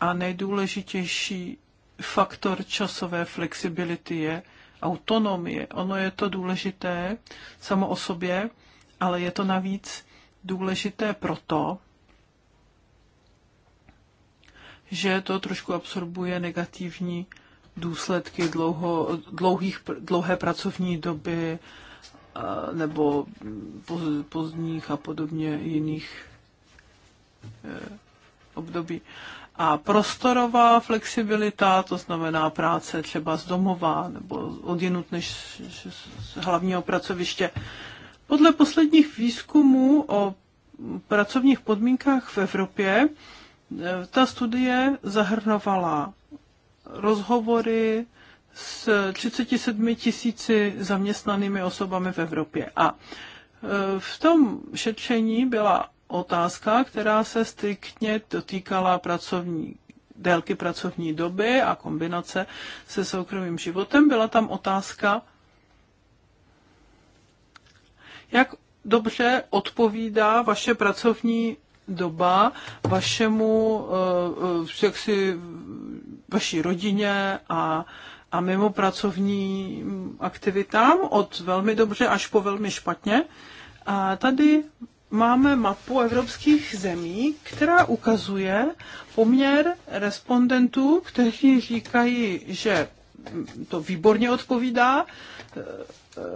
[SPEAKER 1] a nejdůležitější faktor časové flexibility je autonomie. Ono je to důležité samo o sobě, ale je to navíc důležité proto, že to trošku absorbuje negativní důsledky dlouho, dlouhých, dlouhé pracovní doby, nebo pozdních a podobně jiných e, období. A prostorová flexibilita, to znamená práce třeba z domova nebo odjinut než z hlavního pracoviště. Podle posledních výzkumů o pracovních podmínkách v Evropě e, ta studie zahrnovala rozhovory s 37 tisíci zaměstnanými osobami v Evropě. A e, v tom šetření byla otázka, která se striktně dotýkala pracovní délky pracovní doby a kombinace se soukromým životem. Byla tam otázka, jak dobře odpovídá vaše pracovní doba vašemu, e, e, jaksi, vaší rodině a a mimo pracovním aktivitám, od velmi dobře až po velmi špatně. A tady máme mapu evropských zemí, která ukazuje poměr respondentů, kteří říkají, že to výborně odpovídá e, e,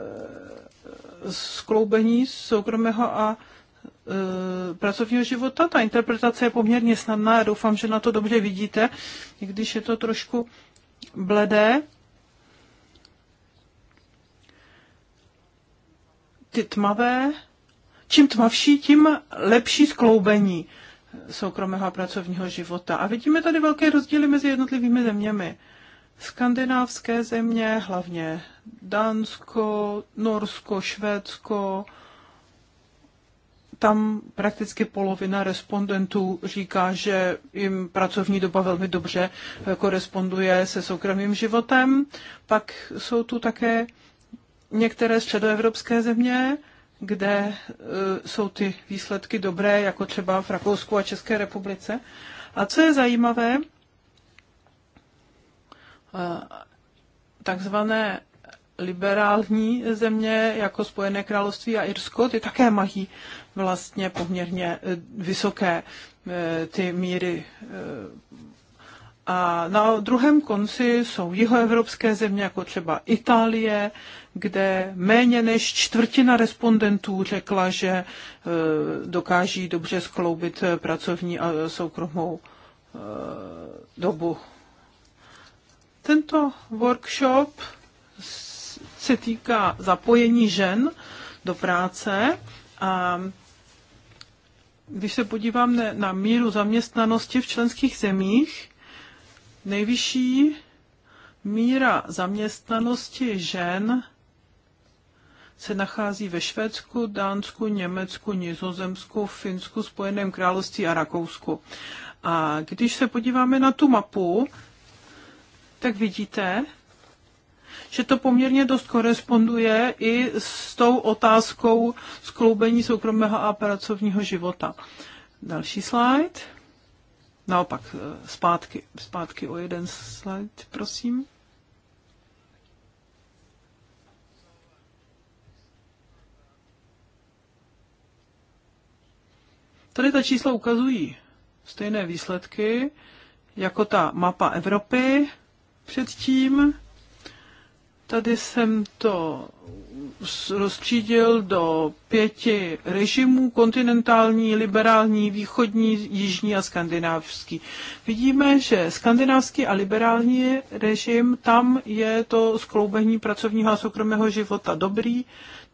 [SPEAKER 1] skloubení soukromého a e, pracovního života. Ta interpretace je poměrně snadná, já doufám, že na to dobře vidíte, i když je to trošku bledé. Ty tmavé, čím tmavší, tím lepší skloubení soukromého a pracovního života. A vidíme tady velké rozdíly mezi jednotlivými zeměmi. Skandinávské země, hlavně Dánsko, Norsko, Švédsko, tam prakticky polovina respondentů říká, že jim pracovní doba velmi dobře eh, koresponduje se soukromým životem. Pak jsou tu také některé středoevropské země, kde eh, jsou ty výsledky dobré, jako třeba v Rakousku a České republice. A co je zajímavé, eh, takzvané liberální země jako Spojené království a Irsko, ty také mají vlastně poměrně eh, vysoké eh, ty míry. Eh, a na druhém konci jsou jihoevropské země, jako třeba Itálie, kde méně než čtvrtina respondentů řekla, že dokáží dobře skloubit pracovní a soukromou dobu. Tento workshop se týká zapojení žen do práce. A když se podívám na míru zaměstnanosti v členských zemích, nejvyšší míra zaměstnanosti žen se nachází ve Švédsku, Dánsku, Německu, Nizozemsku, Finsku, Spojeném království a Rakousku. A když se podíváme na tu mapu, tak vidíte, že to poměrně dost koresponduje i s tou otázkou skloubení soukromého a pracovního života. Další slide. Naopak, eh, zpátky, zpátky o jeden slide, prosím. Tady ta čísla ukazují stejné výsledky jako ta mapa Evropy předtím. Tady jsem to rozstřídil do pěti režimů, kontinentální, liberální, východní, jižní a skandinávský. Vidíme, že skandinávský a liberální režim, tam je to skloubení pracovního a soukromého života dobrý,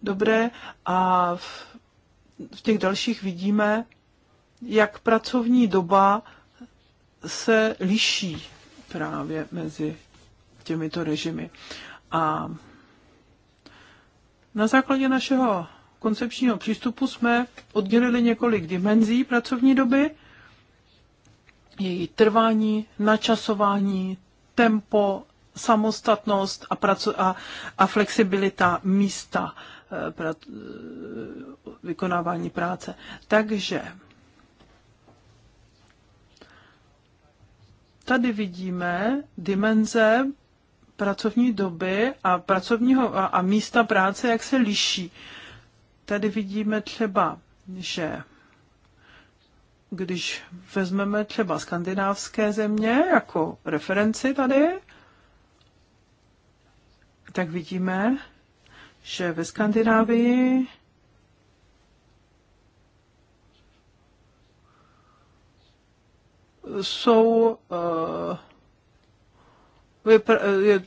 [SPEAKER 1] dobré a v, v těch dalších vidíme, jak pracovní doba se liší právě mezi těmito režimy. A na základě našeho koncepčního přístupu jsme oddělili několik dimenzí pracovní doby, její trvání, načasování, tempo, samostatnost a, praco- a, a flexibilita místa eh, pra- eh, vykonávání práce. Takže tady vidíme dimenze pracovní doby a pracovního a, a místa práce, jak se liší. Tady vidíme třeba, že když vezmeme třeba skandinávské země jako referenci tady, tak vidíme, že ve Skandinávii jsou uh,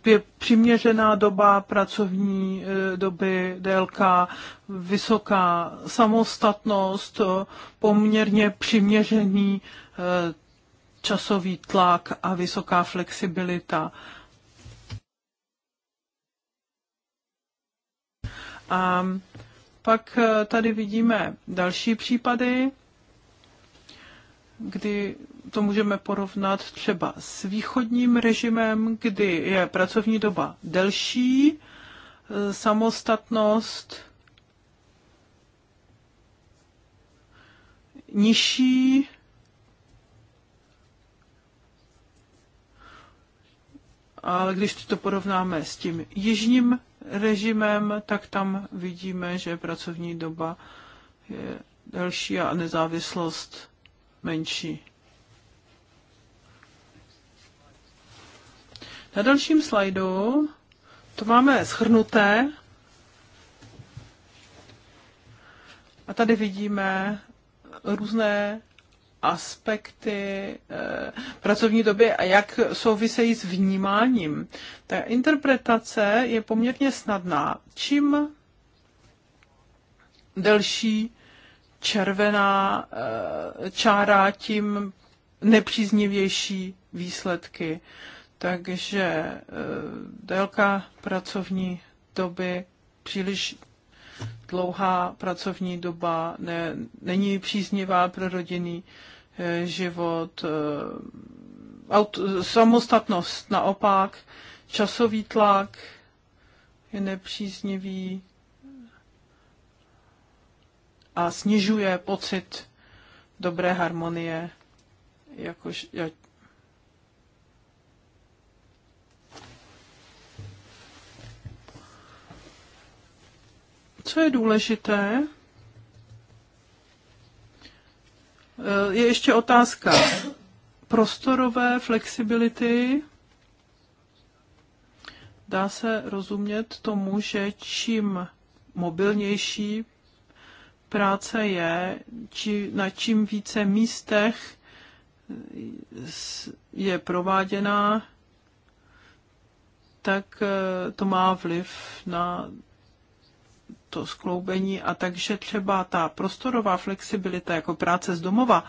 [SPEAKER 1] je přiměřená doba pracovní eh, doby, délka, vysoká samostatnost, poměrně přiměřený eh, časový tlak a vysoká flexibilita. A pak eh, tady vidíme další případy, kdy to můžeme porovnat třeba s východním režimem, kdy je pracovní doba delší, e, samostatnost nižší, ale když to porovnáme s tím jižním režimem, tak tam vidíme, že pracovní doba je delší a nezávislost menší. Na dalším slajdu to máme schrnuté. A tady vidíme různé aspekty eh, pracovní doby a jak souvisejí s vnímáním. Ta interpretace je poměrně snadná. Čím delší červená eh, čára, tím nepříznivější výsledky. Takže e, délka pracovní doby, příliš dlouhá pracovní doba ne, není příznivá pro rodinný e, život. E, aut, samostatnost naopak, časový tlak je nepříznivý a snižuje pocit dobré harmonie jakož, jak, Co je důležité, je ještě otázka prostorové flexibility. Dá se rozumět tomu, že čím mobilnější práce je, či na čím více místech je prováděná, tak to má vliv na to skloubení a takže třeba ta prostorová flexibilita jako práce z domova,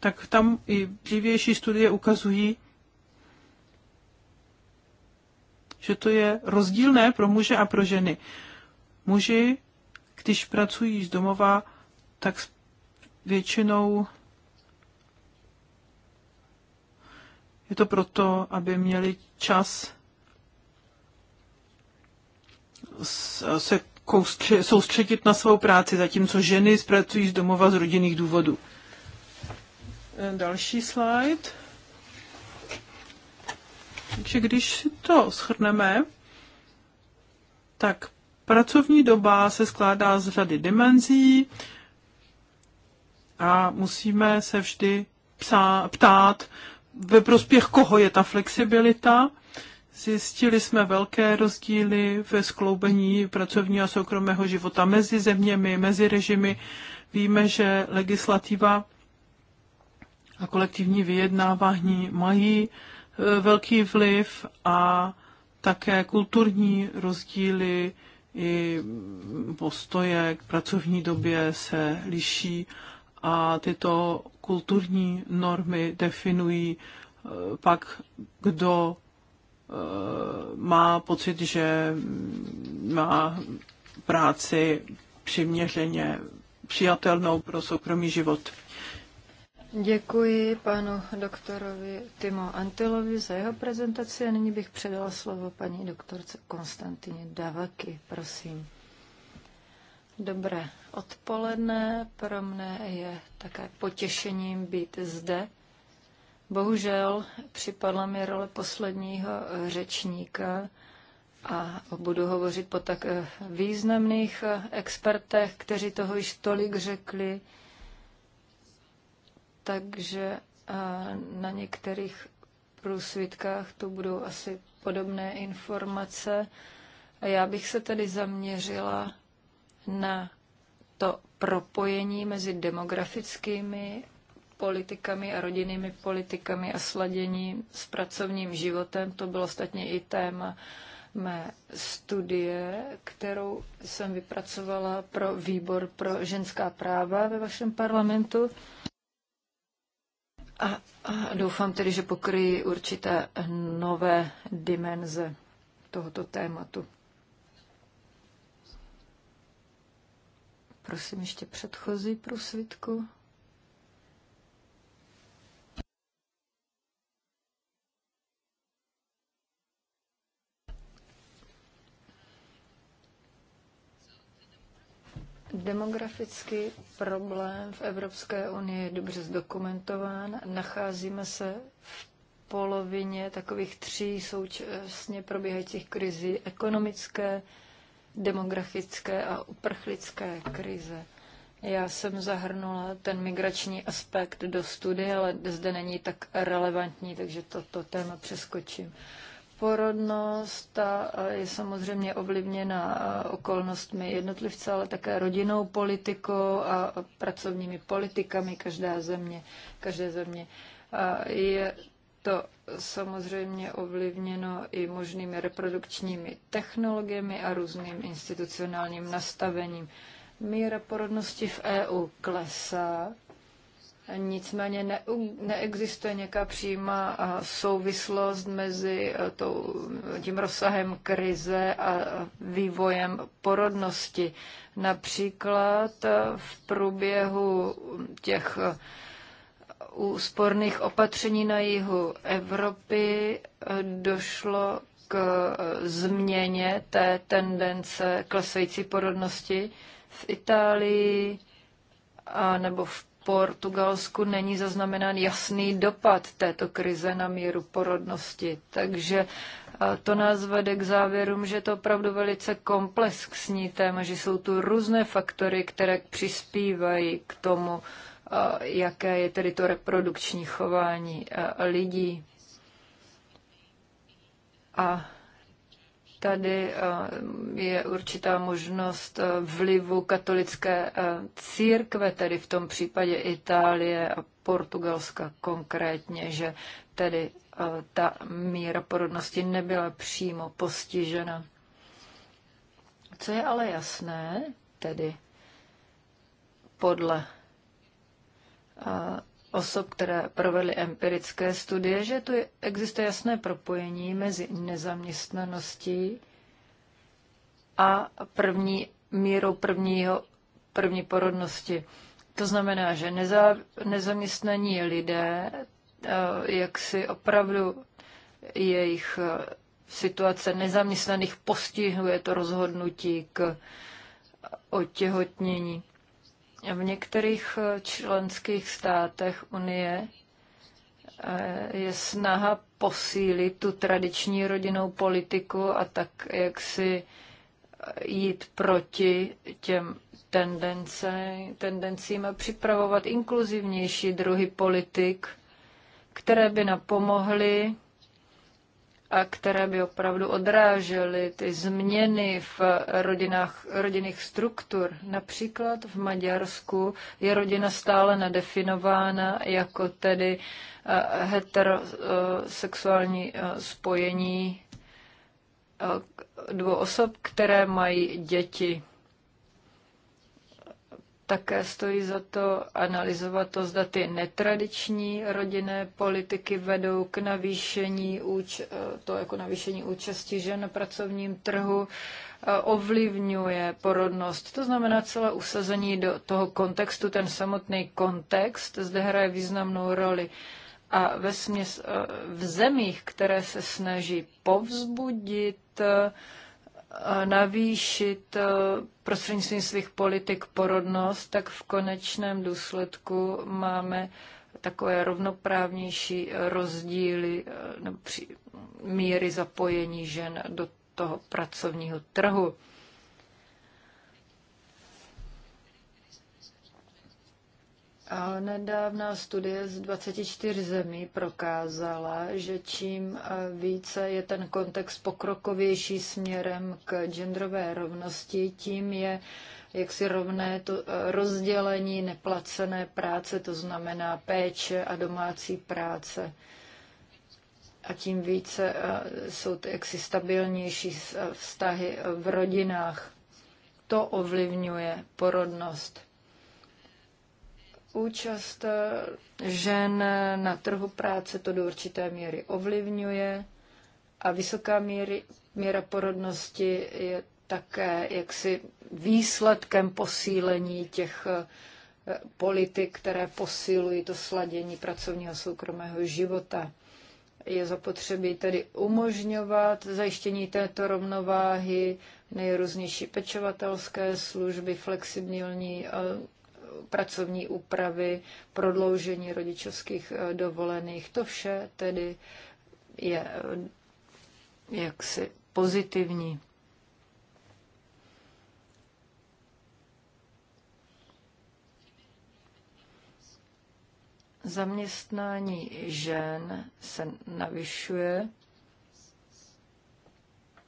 [SPEAKER 1] tak tam i dřívější studie ukazují, že to je rozdílné pro muže a pro ženy. Muži, když pracují z domova, tak většinou je to proto, aby měli čas se soustředit na svou práci, zatímco ženy zpracují z domova z rodinných důvodů. E, další slide. Takže když si to shrneme, tak pracovní doba se skládá z řady dimenzí a musíme se vždy psa, ptát, ve prospěch koho je ta flexibilita Zjistili jsme velké rozdíly ve skloubení pracovního a soukromého života mezi zeměmi, mezi režimy. Víme, že legislativa a kolektivní vyjednávání mají e, velký vliv a také kulturní rozdíly i postoje k pracovní době se liší a tyto kulturní normy definují e, pak, kdo má pocit, že má práci přiměřeně přijatelnou pro soukromý život.
[SPEAKER 3] Děkuji panu doktorovi Timo Antilovi za jeho prezentaci a nyní bych předala slovo paní doktorce Konstantině Davaky. Prosím. Dobré odpoledne. Pro mne je také potěšením být zde Bohužel připadla mi role posledního eh, řečníka a budu hovořit po tak eh, významných eh, expertech, kteří toho již tolik řekli, takže na některých průsvitkách tu budou asi podobné informace. A já bych se tedy zaměřila na to propojení mezi demografickými politikami a rodinnými politikami a sladění s pracovním životem. To bylo ostatně i téma mé studie, kterou jsem vypracovala pro výbor pro ženská práva ve vašem parlamentu. A, a doufám tedy, že pokryjí určité nové dimenze tohoto tématu. Prosím ještě předchozí prosvitku. Demografický problém v Evropské unii je dobře zdokumentován. Nacházíme se v polovině takových tří současně probíhajících krizí ekonomické, demografické a uprchlické krize. Já jsem zahrnula ten migrační aspekt do studie, ale zde není tak relevantní, takže toto téma přeskočím porodnost a je samozřejmě ovlivněna okolnostmi jednotlivce, ale také rodinou politikou a pracovními politikami každá země, každé země. Je to samozřejmě ovlivněno i možnými reprodukčními technologiemi a různým institucionálním nastavením. Míra porodnosti v EU klesá, Nicméně ne, neexistuje nějaká přímá souvislost mezi e, tou, tím rozsahem krize a vývojem porodnosti. Například e, v průběhu těch e, úsporných opatření na jihu Evropy došlo k změně té tendence klesající porodnosti v Itálii a nebo v Portugalsku není zaznamenán jasný dopad této krize na míru porodnosti. Takže to nás vede k závěrům, že je to opravdu velice komplexní téma, že jsou tu různé faktory, které přispívají k tomu, jaké je tedy to reprodukční chování lidí. A Tady eh, je určitá možnost eh, vlivu katolické eh, církve, tedy v tom případě Itálie a Portugalska konkrétně, že tedy ta míra porodnosti nebyla přímo postižena. Co je ale jasné, tedy podle osob, které provedly empirické studie, že tu existuje jasné propojení mezi nezaměstnaností a první mírou prvního, první porodnosti. To znamená, že neza, nezaměstnaní lidé, eh, jak si opravdu jejich eh, situace nezaměstnaných postihuje to rozhodnutí k otěhotnění. V některých eh, členských státech Unie eh, je snaha posílit tu tradiční rodinnou politiku a tak, jak si eh, jít proti těm tendence, tendencím a připravovat inkluzivnější druhy politik, které by napomohly a které by opravdu odrážely ty změny v rodinách, rodinných struktur. Například v Maďarsku je rodina stále nadefinována jako tedy eh, heterosexuální eh, spojení eh, dvou osob, které mají děti. Také stojí za to analyzovat to, zda ty netradiční rodinné politiky vedou k navýšení, úč- eh, to jako navýšení účasti žen na pracovním trhu, eh, ovlivňuje porodnost. To znamená celé usazení do toho kontextu, ten samotný kontext zde hraje významnou roli. A ve směs, eh, v zemích, které se snaží povzbudit Eh, navýšit eh, prostřednictvím svých politik porodnost, tak v konečném důsledku máme takové rovnoprávnější eh, rozdíly nebo míry zapojení žen do toho pracovního trhu. A nedávná studie z 24 zemí prokázala, že čím eh, více je ten kontext pokrokovější směrem k genderové rovnosti, tím je jaksi rovné to eh, rozdělení neplacené práce, to znamená péče a domácí práce. A tím více eh, jsou ty jaksi stabilnější vztahy v rodinách. To ovlivňuje porodnost. Účast eh, žen na trhu práce to do určité míry ovlivňuje a vysoká míry, míra porodnosti je také jaksi výsledkem posílení těch eh, politik, které posilují to sladění pracovního soukromého života. Je zapotřebí tedy umožňovat zajištění této rovnováhy, nejrůznější pečovatelské služby, flexibilní eh, pracovní úpravy, prodloužení rodičovských eh, dovolených. To vše tedy je eh, jaksi pozitivní. Zaměstnání žen se navyšuje.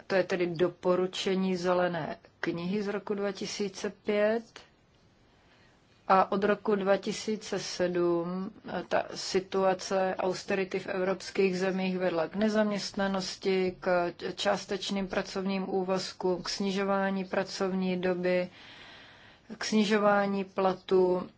[SPEAKER 3] To je tedy doporučení zelené knihy z roku 2005. A od roku 2007 eh, ta situace austerity v evropských zemích vedla k nezaměstnanosti, k částečným pracovním úvazkům, k snižování pracovní doby, k snižování platu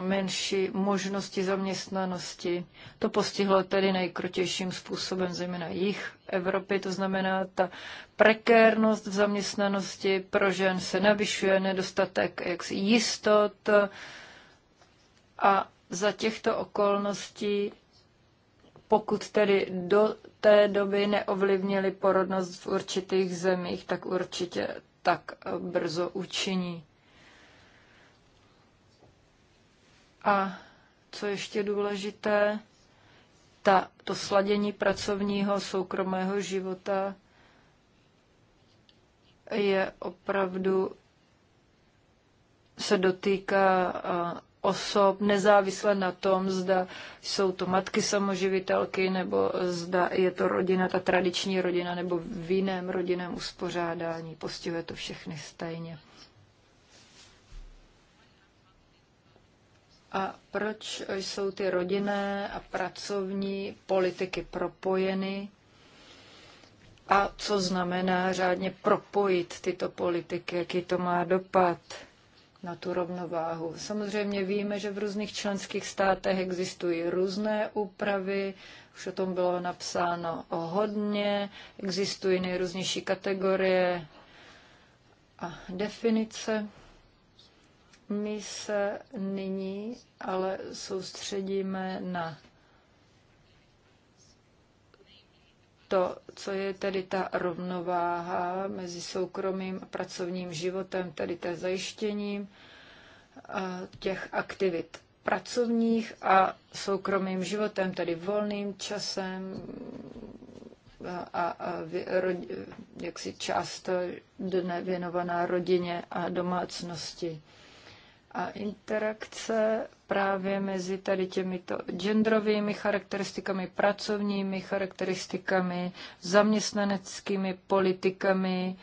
[SPEAKER 3] menší možnosti zaměstnanosti. To postihlo tedy nejkrotějším způsobem, zejména jich Evropy, to znamená ta prekérnost v zaměstnanosti pro žen se navyšuje, nedostatek jaksi jistot a za těchto okolností, pokud tedy do té doby neovlivnili porodnost v určitých zemích, tak určitě tak brzo učiní. A co ještě důležité, ta, to sladění pracovního soukromého života je opravdu se dotýká osob, nezávisle na tom, zda jsou to matky samoživitelky, nebo zda je to rodina, ta tradiční rodina, nebo v jiném rodinném uspořádání. Postihuje to všechny stejně. A proč jsou ty rodinné a pracovní politiky propojeny? A co znamená řádně propojit tyto politiky? Jaký to má dopad na tu rovnováhu? Samozřejmě víme, že v různých členských státech existují různé úpravy, už o tom bylo napsáno o hodně, existují nejrůznější kategorie a definice. My se nyní ale soustředíme na to, co je tedy ta rovnováha mezi soukromým a pracovním životem, tedy té zajištěním těch aktivit pracovních a soukromým životem, tedy volným časem a, a, a jaksi část dne věnovaná rodině a domácnosti a interakce právě mezi tady těmito genderovými charakteristikami, pracovními charakteristikami, zaměstnaneckými politikami,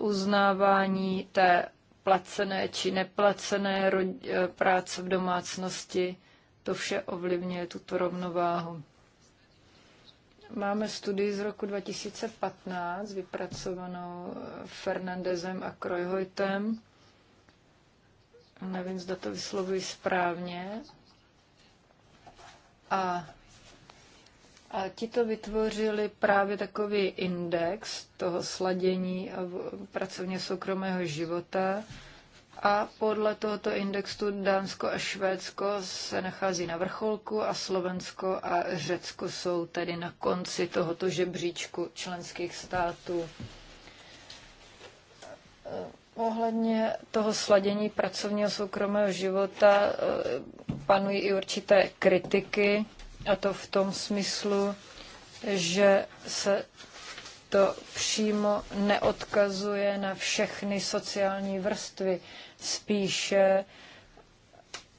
[SPEAKER 3] uznávání té placené či neplacené e, práce v domácnosti. To vše ovlivňuje tuto rovnováhu. Máme studii z roku 2015 vypracovanou e, Fernandezem a Krojhojtem nevím, zda to vyslovuji správně. A, a ti to vytvořili právě takový index toho sladění a pracovně soukromého života. A podle tohoto indexu Dánsko a Švédsko se nachází na vrcholku a Slovensko a Řecko jsou tedy na konci tohoto žebříčku členských států Ohledně toho sladění pracovního soukromého života eh, panují i určité kritiky, a to v tom smyslu, že se to přímo neodkazuje na všechny sociální vrstvy, spíše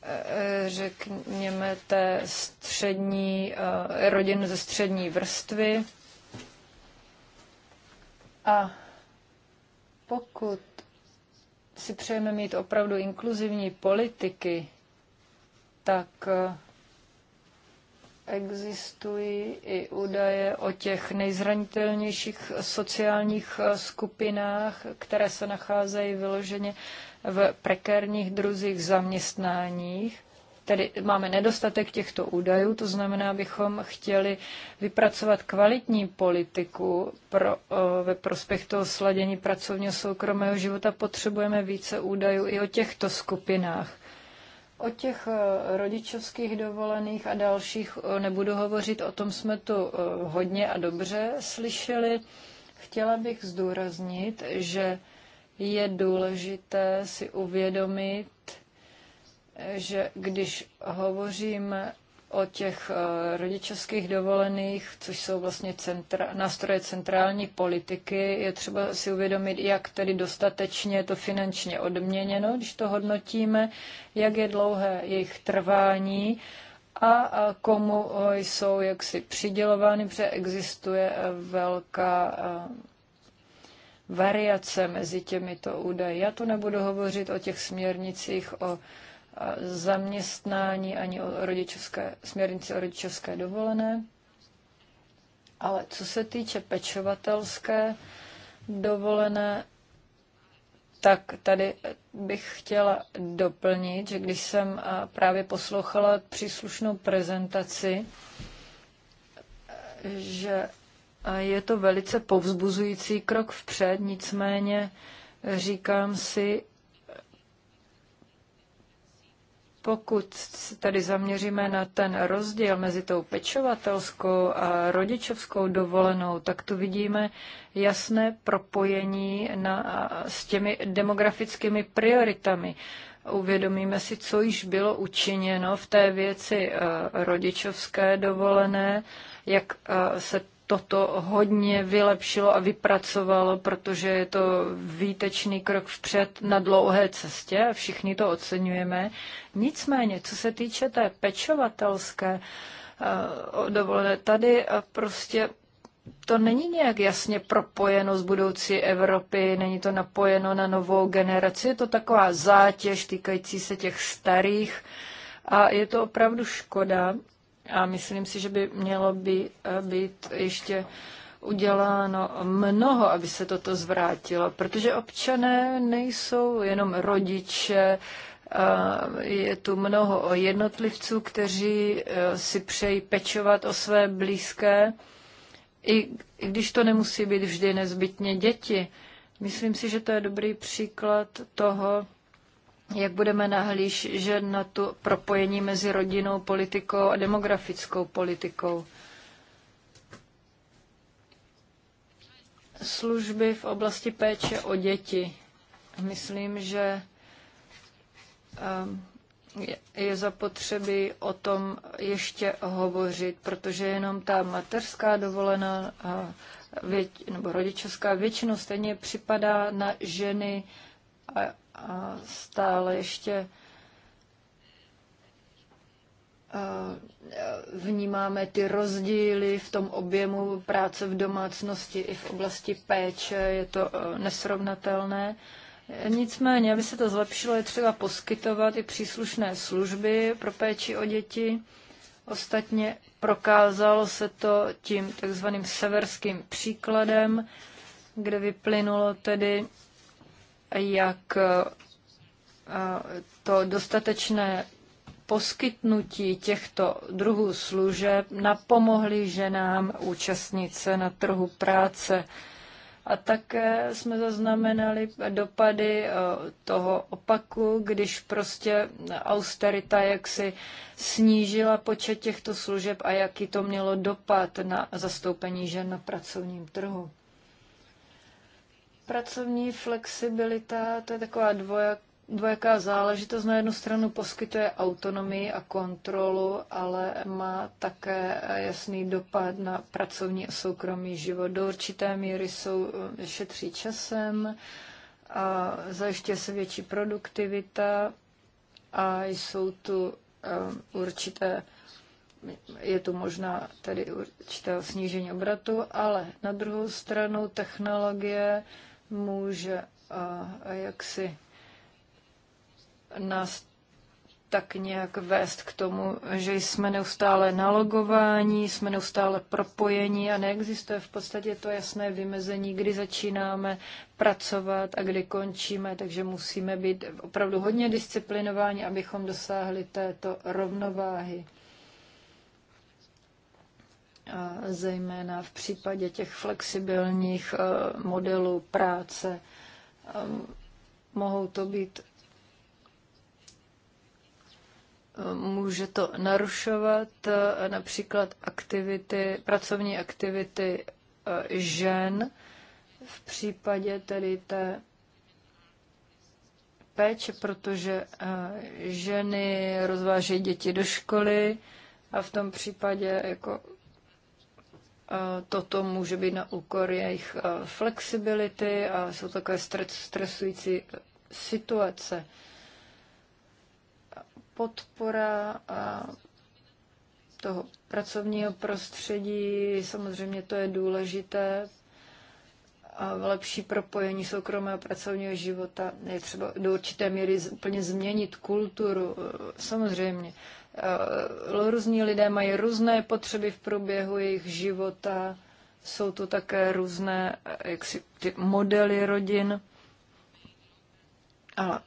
[SPEAKER 3] eh, řekněme té střední, eh, rodin ze střední vrstvy. A pokud si přejeme mít opravdu inkluzivní politiky, tak eh, existují i údaje o těch nejzranitelnějších sociálních eh, skupinách, které se nacházejí vyloženě v prekérních druzích zaměstnáních. Tedy máme nedostatek těchto údajů, to znamená, bychom chtěli vypracovat kvalitní politiku pro, ve prospěch toho sladění pracovního soukromého života. Potřebujeme více údajů i o těchto skupinách. O těch rodičovských dovolených a dalších nebudu hovořit, o tom jsme tu hodně a dobře slyšeli. Chtěla bych zdůraznit, že je důležité si uvědomit, že když hovoříme o těch eh, rodičovských dovolených, což jsou vlastně centra, nástroje centrální politiky, je třeba si uvědomit, jak tedy dostatečně je to finančně odměněno, když to hodnotíme, jak je dlouhé jejich trvání a komu jsou jaksi přidělovány, protože existuje eh, velká eh, variace mezi těmito údaji. Já tu nebudu hovořit o těch směrnicích, o zaměstnání ani o rodičovské, směrnici o rodičovské dovolené. Ale co se týče pečovatelské dovolené, tak tady bych chtěla doplnit, že když jsem právě poslouchala příslušnou prezentaci, e, že je to velice povzbuzující krok vpřed, nicméně říkám si, pokud se tady zaměříme na ten rozdíl mezi tou pečovatelskou a rodičovskou dovolenou, tak tu vidíme jasné propojení na, s těmi demografickými prioritami. Uvědomíme si, co již bylo učiněno v té věci eh, rodičovské dovolené, jak eh, se toto hodně vylepšilo a vypracovalo, protože je to výtečný krok vpřed na dlouhé cestě a všichni to oceňujeme. Nicméně, co se týče té pečovatelské eh, dovolené, tady eh, prostě to není nějak jasně propojeno s budoucí Evropy, není to napojeno na novou generaci, je to taková zátěž týkající se těch starých a je to opravdu škoda, a myslím si, že by mělo by eh, být ještě uděláno mnoho, aby se toto zvrátilo, protože občané nejsou jenom rodiče, eh, je tu mnoho jednotlivců, kteří eh, si přejí pečovat o své blízké, i když to nemusí být vždy nezbytně děti. Myslím si, že to je dobrý příklad toho, jak budeme nahlížet na to propojení mezi rodinou, politikou a demografickou politikou. Služby v oblasti péče o děti. Myslím, že ehm, je zapotřebí o tom ještě hovořit, protože jenom ta mateřská dovolená nebo rodičovská většinou stejně připadá na ženy stále ještě eh, vnímáme ty rozdíly v tom objemu práce v domácnosti i v oblasti péče, je to eh, nesrovnatelné. Nicméně, aby se to zlepšilo, je třeba poskytovat i příslušné služby pro péči o děti. Ostatně prokázalo se to tím takzvaným severským příkladem, kde vyplynulo tedy, jak eh, to dostatečné poskytnutí těchto druhů služeb napomohly ženám účastnit se na trhu práce. A také jsme zaznamenali dopady eh, toho opaku, když prostě austerita jaksi snížila počet těchto služeb a jaký to mělo dopad na zastoupení žen na pracovním trhu. Pracovní flexibilita, to je taková dvojak, dvojaká záležitost. Na jednu stranu poskytuje autonomii a kontrolu, ale má také jasný dopad na pracovní a soukromý život. Do určité míry jsou, eh, šetří časem, a zajišťuje se větší produktivita a jsou tu eh, určité, je tu možná tedy určité snížení obratu, ale na druhou stranu technologie může jaksi nás tak nějak vést k tomu, že jsme neustále nalogováni, jsme neustále propojení a neexistuje v podstatě to jasné vymezení, kdy začínáme pracovat a kdy končíme, takže musíme být opravdu hodně disciplinováni, abychom dosáhli této rovnováhy zejména v případě těch flexibilních e, modelů práce. E, mohou to být e, může to narušovat například aktivity, pracovní aktivity žen v případě tedy té péče, protože ženy rozvážejí děti do školy a v tom případě jako Eh, toto může být na úkor jejich eh, flexibility a jsou takové stresující eh, situace. Podpora a toho pracovního prostředí, samozřejmě to je důležité lepší propojení soukromého a pracovního života. Je třeba do určité míry úplně změnit kulturu, e, samozřejmě. E, různí lidé mají různé potřeby v průběhu jejich života, jsou tu také různé e, jaksi, ty modely rodin, ale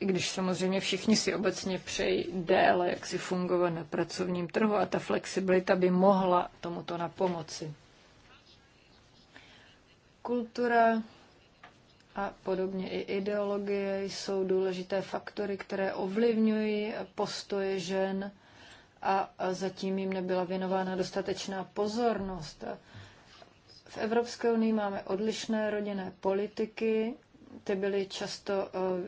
[SPEAKER 3] i když samozřejmě všichni si obecně přejí déle, jak si fungovat na pracovním trhu a ta flexibilita by mohla tomuto na pomoci. Kultura a podobně i ideologie jsou důležité faktory, které ovlivňují postoje žen a zatím jim nebyla věnována dostatečná pozornost. V Evropské unii máme odlišné rodinné politiky, ty byly často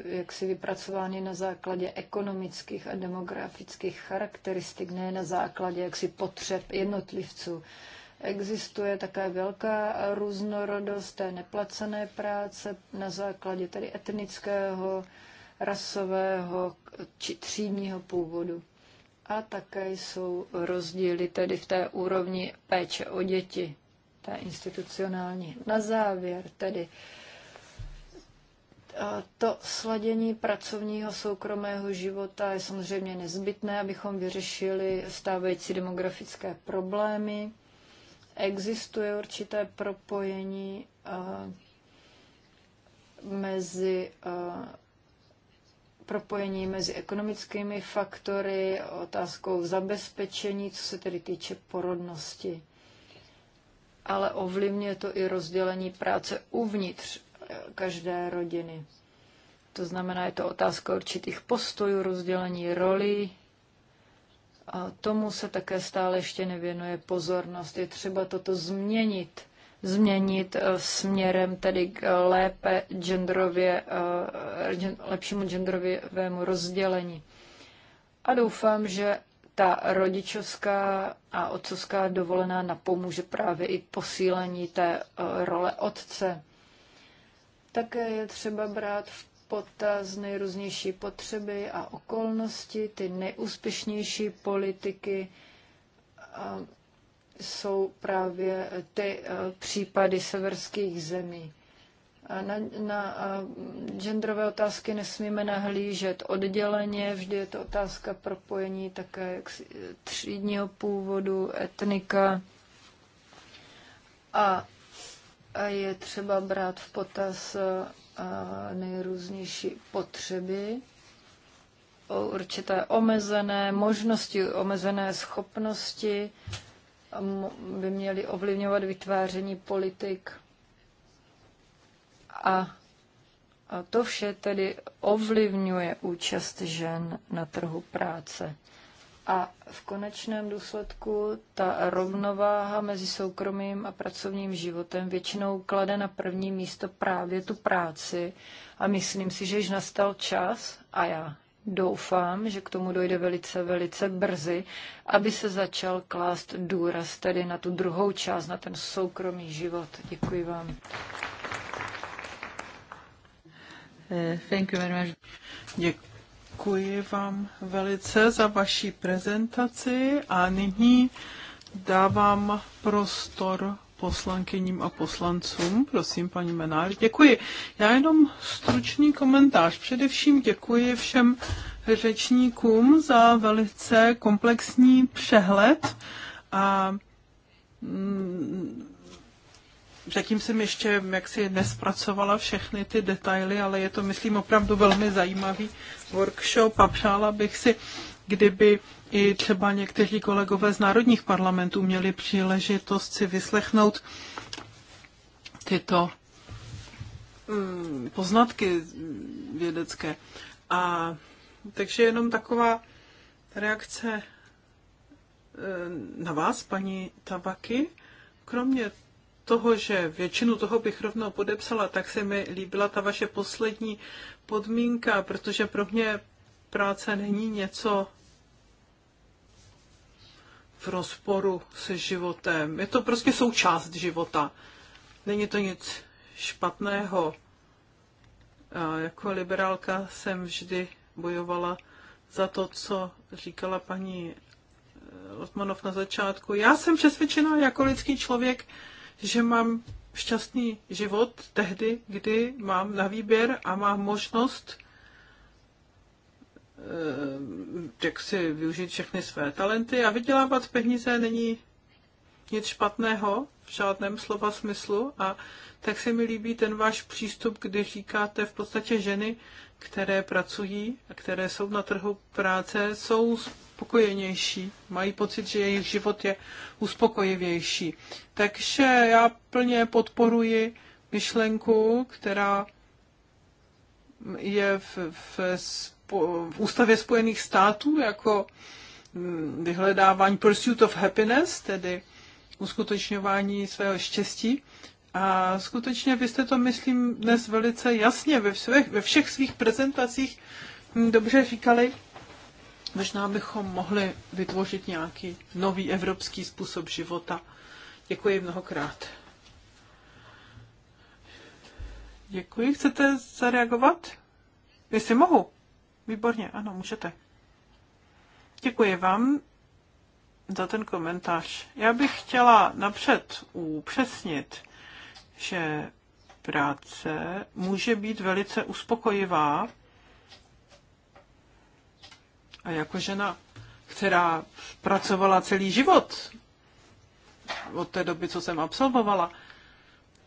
[SPEAKER 3] eh, jaksi vypracovány na základě ekonomických a demografických charakteristik, ne na základě jaksi potřeb jednotlivců. Existuje také velká různorodost té neplacené práce na základě tedy etnického, rasového či třídního původu. A také jsou rozdíly tedy v té úrovni péče o děti, té institucionální. Na závěr tedy to sladění pracovního soukromého života je samozřejmě nezbytné, abychom vyřešili stávající demografické problémy existuje určité propojení eh, mezi eh, propojení mezi ekonomickými faktory, otázkou zabezpečení, co se tedy týče porodnosti. Ale ovlivňuje to i rozdělení práce uvnitř eh, každé rodiny. To znamená, je to otázka určitých postojů, rozdělení rolí, a tomu se také stále ještě nevěnuje pozornost. Je třeba toto změnit. Změnit eh, směrem tedy k lépe genderově, eh, lepšímu genderovému rozdělení. A doufám, že ta rodičovská a otcovská dovolená napomůže právě i posílení té eh, role otce. Také je třeba brát v potaz nejrůznější potřeby a okolnosti, ty nejúspěšnější politiky jsou právě ty případy severských zemí. Na, na genderové otázky nesmíme nahlížet odděleně, vždy je to otázka propojení také jak třídního původu, etnika. A, a je třeba brát v potaz nejrůznější potřeby, určité omezené možnosti, omezené schopnosti by měly ovlivňovat vytváření politik. A a to vše tedy ovlivňuje účast žen na trhu práce. A v konečném důsledku ta rovnováha mezi soukromým a pracovním životem většinou klade na první místo právě tu práci. A myslím si, že již nastal čas, a já doufám, že k tomu dojde velice, velice brzy, aby se začal klást důraz tedy na tu druhou část, na ten soukromý život. Děkuji vám.
[SPEAKER 1] Eh, thank you very much. Děkuji. Děkuji vám velice za vaši prezentaci a nyní dávám prostor poslankyním a poslancům. Prosím, paní Menár. Děkuji. Já jenom stručný komentář. Především děkuji všem řečníkům za velice komplexní přehled a mm, Zatím jsem ještě jaksi nespracovala všechny ty detaily, ale je to, myslím, opravdu velmi zajímavý workshop a přála bych si, kdyby i třeba někteří kolegové z národních parlamentů měli příležitost si vyslechnout tyto mm, poznatky vědecké. A takže jenom taková reakce eh, na vás, paní Tabaky. Kromě toho, že většinu toho bych rovnou podepsala, tak se mi líbila ta vaše poslední podmínka, protože pro mě práce není něco v rozporu se životem. Je to prostě součást života. Není to nic špatného. A jako liberálka jsem vždy bojovala za to, co říkala paní eh, Lotmanov na začátku. Já jsem přesvědčena jako lidský člověk, že mám šťastný život tehdy, kdy mám na výběr a mám možnost eh, jak si využít všechny své talenty a vydělávat peníze není nic špatného v žádném slova smyslu a tak se mi líbí ten váš přístup, kdy říkáte v podstatě ženy, které pracují a které jsou na trhu práce, jsou spokojenější, mají pocit, že jejich život je uspokojivější. Takže já plně podporuji myšlenku, která je v, v, v ústavě Spojených států jako mm, vyhledávání pursuit of happiness, tedy uskutečňování svého štěstí. A skutečně vy jste to, myslím, dnes velice jasně ve, svých, ve všech svých prezentacích mm, dobře říkali, Možná bychom mohli vytvořit nějaký nový evropský způsob života. Děkuji mnohokrát. Děkuji. Chcete zareagovat? Jestli mohu? Výborně, ano, můžete. Děkuji vám za ten komentář. Já bych chtěla napřed upřesnit, že práce může být velice uspokojivá a jako žena, která pracovala celý život od té doby, co jsem absolvovala,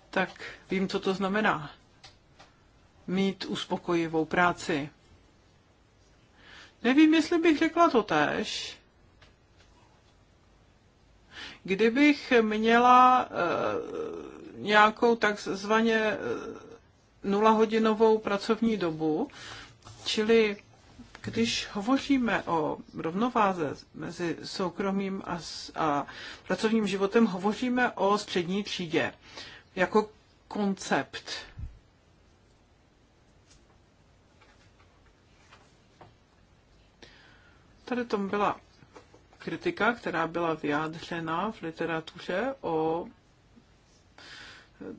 [SPEAKER 1] tak vím, co to znamená. Mít uspokojivou práci. Nevím, jestli bych řekla to tež. Kdybych měla e, nějakou takzvaně eh, nulahodinovou pracovní dobu, čili když hovoříme o rovnováze mezi soukromým a, a pracovním životem, hovoříme o střední třídě jako koncept. Tady tom byla kritika, která byla vyjádřena v literatuře o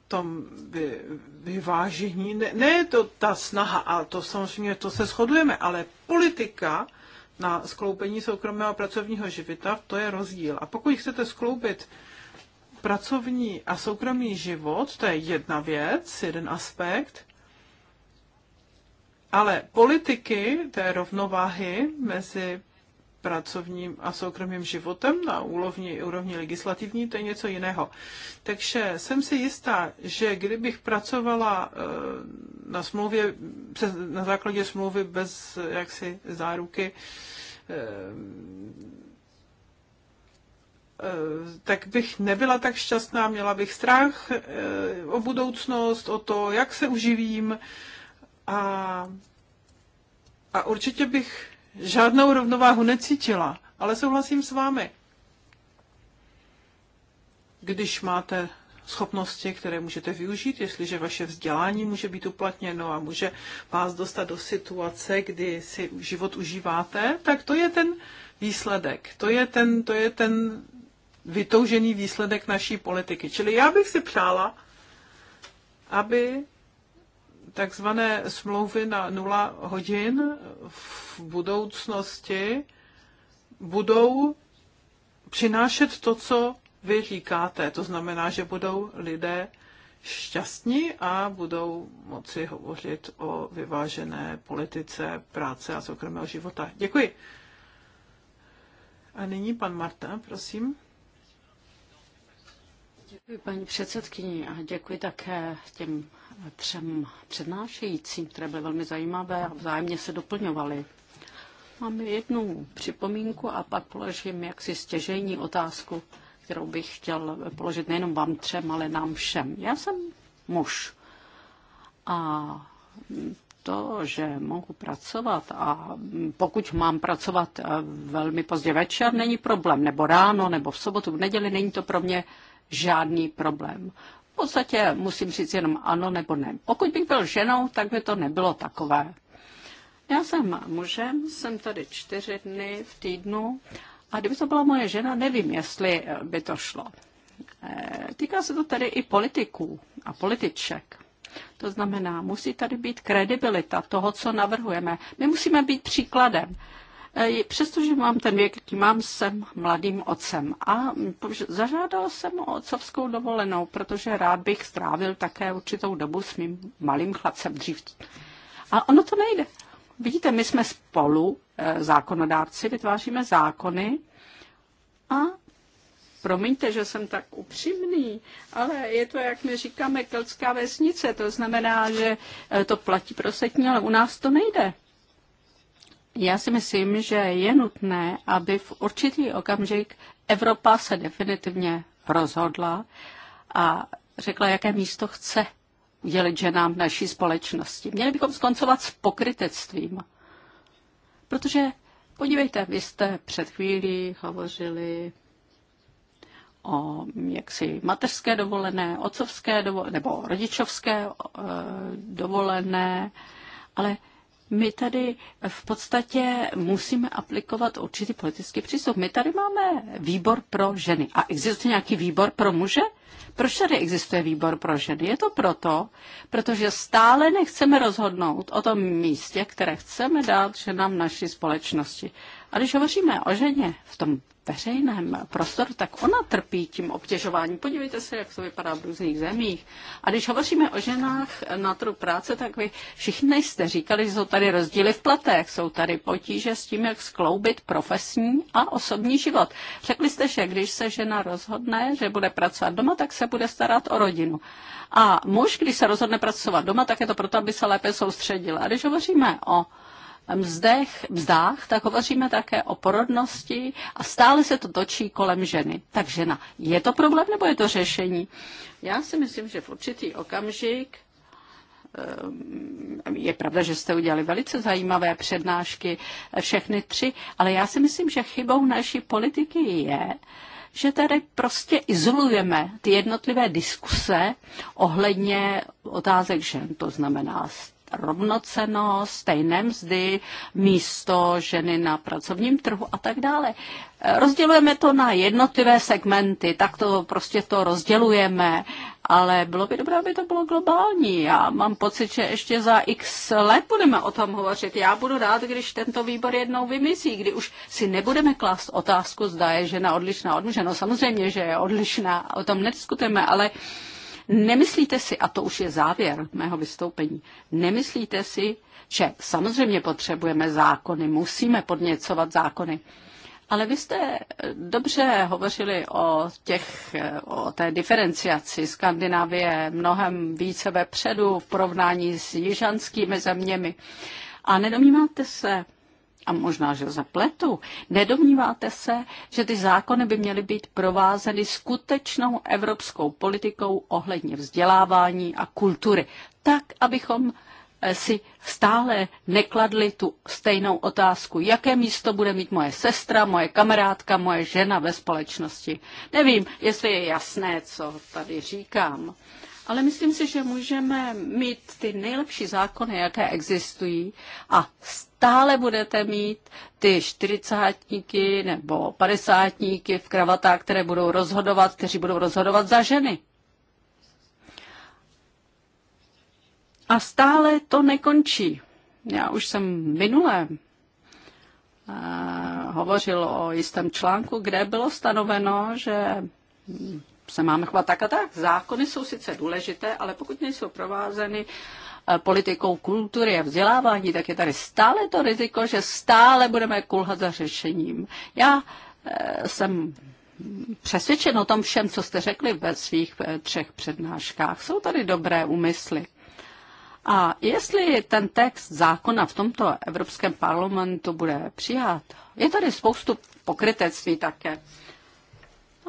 [SPEAKER 1] tom vy, vyvážení, ne, ne to ta snaha, a to samozřejmě to se shodujeme, ale politika na skloupení soukromého pracovního života, to je rozdíl. A pokud chcete skloubit pracovní a soukromý život, to je jedna věc, jeden aspekt, ale politiky té rovnováhy mezi pracovním a soukromým životem na úrovni, úrovni legislativní, to je něco jiného. Takže jsem si jistá, že kdybych pracovala eh, na smlouvě, na základě smlouvy bez jaksi záruky, eh, eh, tak bych nebyla tak šťastná, měla bych strach o budoucnost, o to, jak se uživím a, a určitě bych žádnou rovnováhu necítila, ale souhlasím s vámi. Když máte schopnosti, které můžete využít, jestliže vaše vzdělání může být uplatněno a může vás dostat do situace, kdy si život užíváte, tak to je ten výsledek. To je ten, to je ten vytoužený výsledek naší politiky. Čili já bych si přála, aby takzvané smlouvy na nula hodin v budoucnosti budou přinášet to, co vy říkáte. To znamená, že budou lidé šťastní a budou moci hovořit o vyvážené politice práce a soukromého života. Děkuji. A nyní pan Marta, prosím. Děkuji paní předsedkyni a děkuji také těm
[SPEAKER 2] třem přednášejícím, které byly velmi zajímavé a vzájemně se doplňovaly. Mám jednu připomínku a pak položím jaksi stěžejní otázku, kterou bych chtěl položit nejenom vám třem, ale nám všem. Já jsem muž a to, že mohu pracovat a pokud mám pracovat eh, velmi pozdě večer, není problém, nebo ráno, nebo v sobotu, v neděli, není to pro mě žádný problém. V podstatě musím říct jenom ano nebo ne. Pokud bych byl ženou, tak by to nebylo takové. Já jsem mužem, jsem tady čtyři dny v týdnu a kdyby to byla moje žena, nevím, jestli by to šlo. Eh, týká se to tady i politiků a političek. To znamená, musí tady být kredibilita toho, co navrhujeme. My musíme být příkladem. Eh, přestože mám ten věk, jaký mám, jsem mladým otcem a zažádal jsem o otcovskou dovolenou, protože rád bych strávil také určitou dobu s mým malým chlapcem dřív. A ono to nejde. Vidíte, my jsme spolu, eh, zákonodárci, vytváříme zákony a promiňte, že jsem tak upřímný, ale je to, jak my říkáme, keltská vesnice. To znamená, že eh, to platí pro setní, ale u nás to nejde. Já si myslím, že je nutné, aby v určitý okamžik Evropa se definitivně rozhodla a řekla, jaké místo chce udělit ženám v naší společnosti. Měli bychom skoncovat s pokrytectvím. Protože, podívejte, vy jste před chvílí hovořili o jaksi mateřské dovolené, otcovské dovolené, nebo rodičovské e, dovolené, ale my tady v podstatě musíme aplikovat určitý politický přístup. My tady máme výbor pro ženy. A existuje nějaký výbor pro muže? Proč tady existuje výbor pro ženy? Je to proto, protože stále nechceme rozhodnout o tom místě, které chceme dát ženám v naší společnosti. A když hovoříme o ženě v tom veřejném prostoru, tak ona trpí tím obtěžováním. Podívejte se, jak to vypadá v různých zemích. A když hovoříme o ženách na trhu práce, tak vy všichni jste říkali, že jsou tady rozdíly v platech, jsou tady potíže s tím, jak skloubit profesní a osobní život. Řekli jste, že když se žena rozhodne, že bude pracovat doma, tak se bude starat o rodinu. A muž, když se rozhodne pracovat doma, tak je to proto, aby se lépe soustředil. A když hovoříme o mzdech, mzdách, tak hovoříme také o porodnosti a stále se to točí kolem ženy. Tak žena, je to problém nebo je to řešení? Já si myslím, že v určitý okamžik ehm, je pravda, že jste udělali velice zajímavé přednášky, eh, všechny tři, ale já si myslím, že chybou naší politiky je, že tady prostě izolujeme ty jednotlivé diskuse ohledně otázek žen, to znamená rovnocenost, stejné mzdy, místo ženy na pracovním trhu a tak dále. Rozdělujeme to na jednotlivé segmenty, tak to prostě to rozdělujeme, ale bylo by dobré, aby to bylo globální. Já mám pocit, že ještě za x let budeme o tom hovořit. Já budu rád, když tento výbor jednou vymizí, kdy už si nebudeme klást otázku, zda je žena odlišná od muže. No samozřejmě, že je odlišná, o tom nediskutujeme, ale uh, Nemyslíte si, a to už je závěr mého vystoupení, nemyslíte si, že samozřejmě potřebujeme zákony, musíme podněcovat zákony, ale vy jste eh, dobře hovořili o, těch, eh, o té diferenciaci. Skandinávie mnohem více vepředu v porovnání s jižanskými zeměmi. A nedomníváte se, a možná, že zapletu, nedomníváte se, že ty zákony by měly být provázeny skutečnou evropskou politikou ohledně vzdělávání a kultury, tak, abychom eh, si stále nekladli tu stejnou otázku, jaké místo bude mít moje sestra, moje kamarádka, moje žena ve společnosti. Nevím, jestli je jasné, co tady říkám ale myslím si, že můžeme mít ty nejlepší zákony, jaké existují a stále budete mít ty čtyřicátníky nebo padesátníky v kravatách, které budou rozhodovat, kteří budou rozhodovat za ženy. A stále to nekončí. Já už jsem minule eh, hovořil o jistém článku, kde bylo stanoveno, že se máme chovat tak a tak. Zákony jsou sice důležité, ale pokud nejsou provázeny eh, politikou kultury a vzdělávání, tak je tady stále to riziko, že stále budeme kulhat za řešením. Já eh, jsem přesvědčen o tom všem, co jste řekli ve svých eh, třech přednáškách. Jsou tady dobré úmysly. A jestli ten text zákona v tomto Evropském parlamentu bude přijat, je tady spoustu pokrytectví také.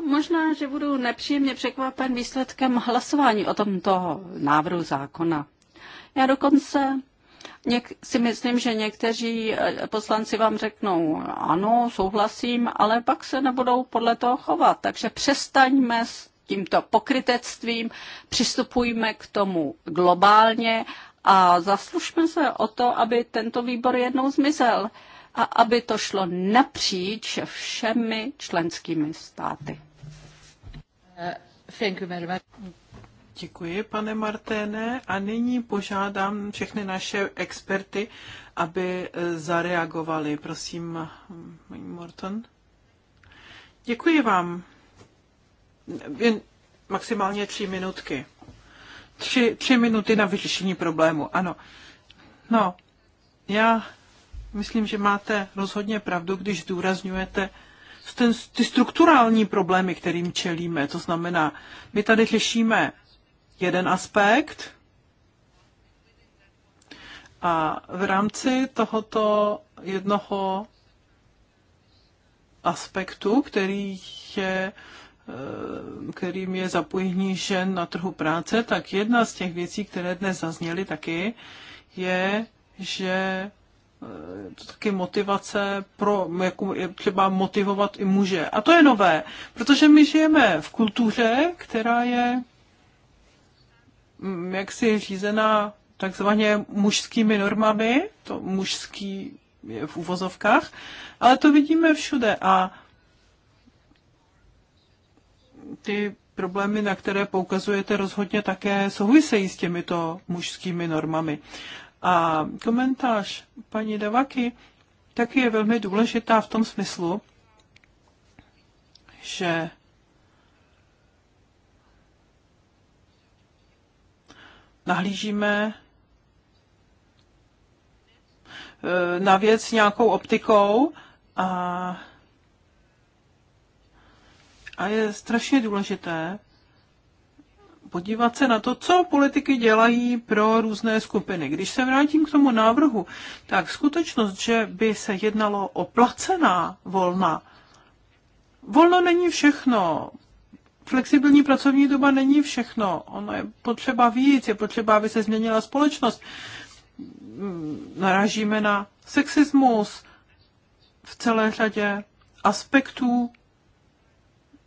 [SPEAKER 2] Možná, že budu nepříjemně překvapen výsledkem hlasování o tomto návrhu zákona. Já dokonce Něk, si myslím, že někteří eh, poslanci vám řeknou, ano, souhlasím, ale pak se nebudou podle toho chovat. Takže přestaňme s tímto pokrytectvím, přistupujme k tomu globálně a zaslužme se o to, aby tento výbor jednou zmizel a aby to šlo napříč všemi členskými státy.
[SPEAKER 1] Děkuji, pane Marténe. A nyní požádám všechny naše experty, aby eh, zareagovali. Prosím, paní Morton. Děkuji vám. Jen maximálně tři minutky. Tři, tři minuty na vyřešení problému, ano. No, já Myslím, že máte rozhodně pravdu, když zdůrazňujete ten, ty strukturální problémy, kterým čelíme. To znamená, my tady řešíme jeden aspekt a v rámci tohoto jednoho aspektu, který je eh, kterým je zapojení žen na trhu práce, tak jedna z těch věcí, které dnes zazněly taky, je, že Eh, taky motivace pro, jako je třeba motivovat i muže. A to je nové, protože my žijeme v kultuře, která je mm, jaksi řízená takzvaně mužskými normami, to mužský je v uvozovkách, ale to vidíme všude a ty problémy, na které poukazujete, rozhodně také souvisejí s těmito mužskými normami. A komentář paní Davaky taky je velmi důležitá v tom smyslu, že nahlížíme eh, na věc nějakou optikou a, a je strašně důležité, podívat se na to, co politiky dělají pro různé skupiny. Když se vrátím k tomu návrhu, tak skutečnost, že by se jednalo o placená volna, volno není všechno. Flexibilní pracovní doba není všechno. Ono je potřeba víc, je potřeba, aby se změnila společnost. Naražíme na sexismus v celé řadě aspektů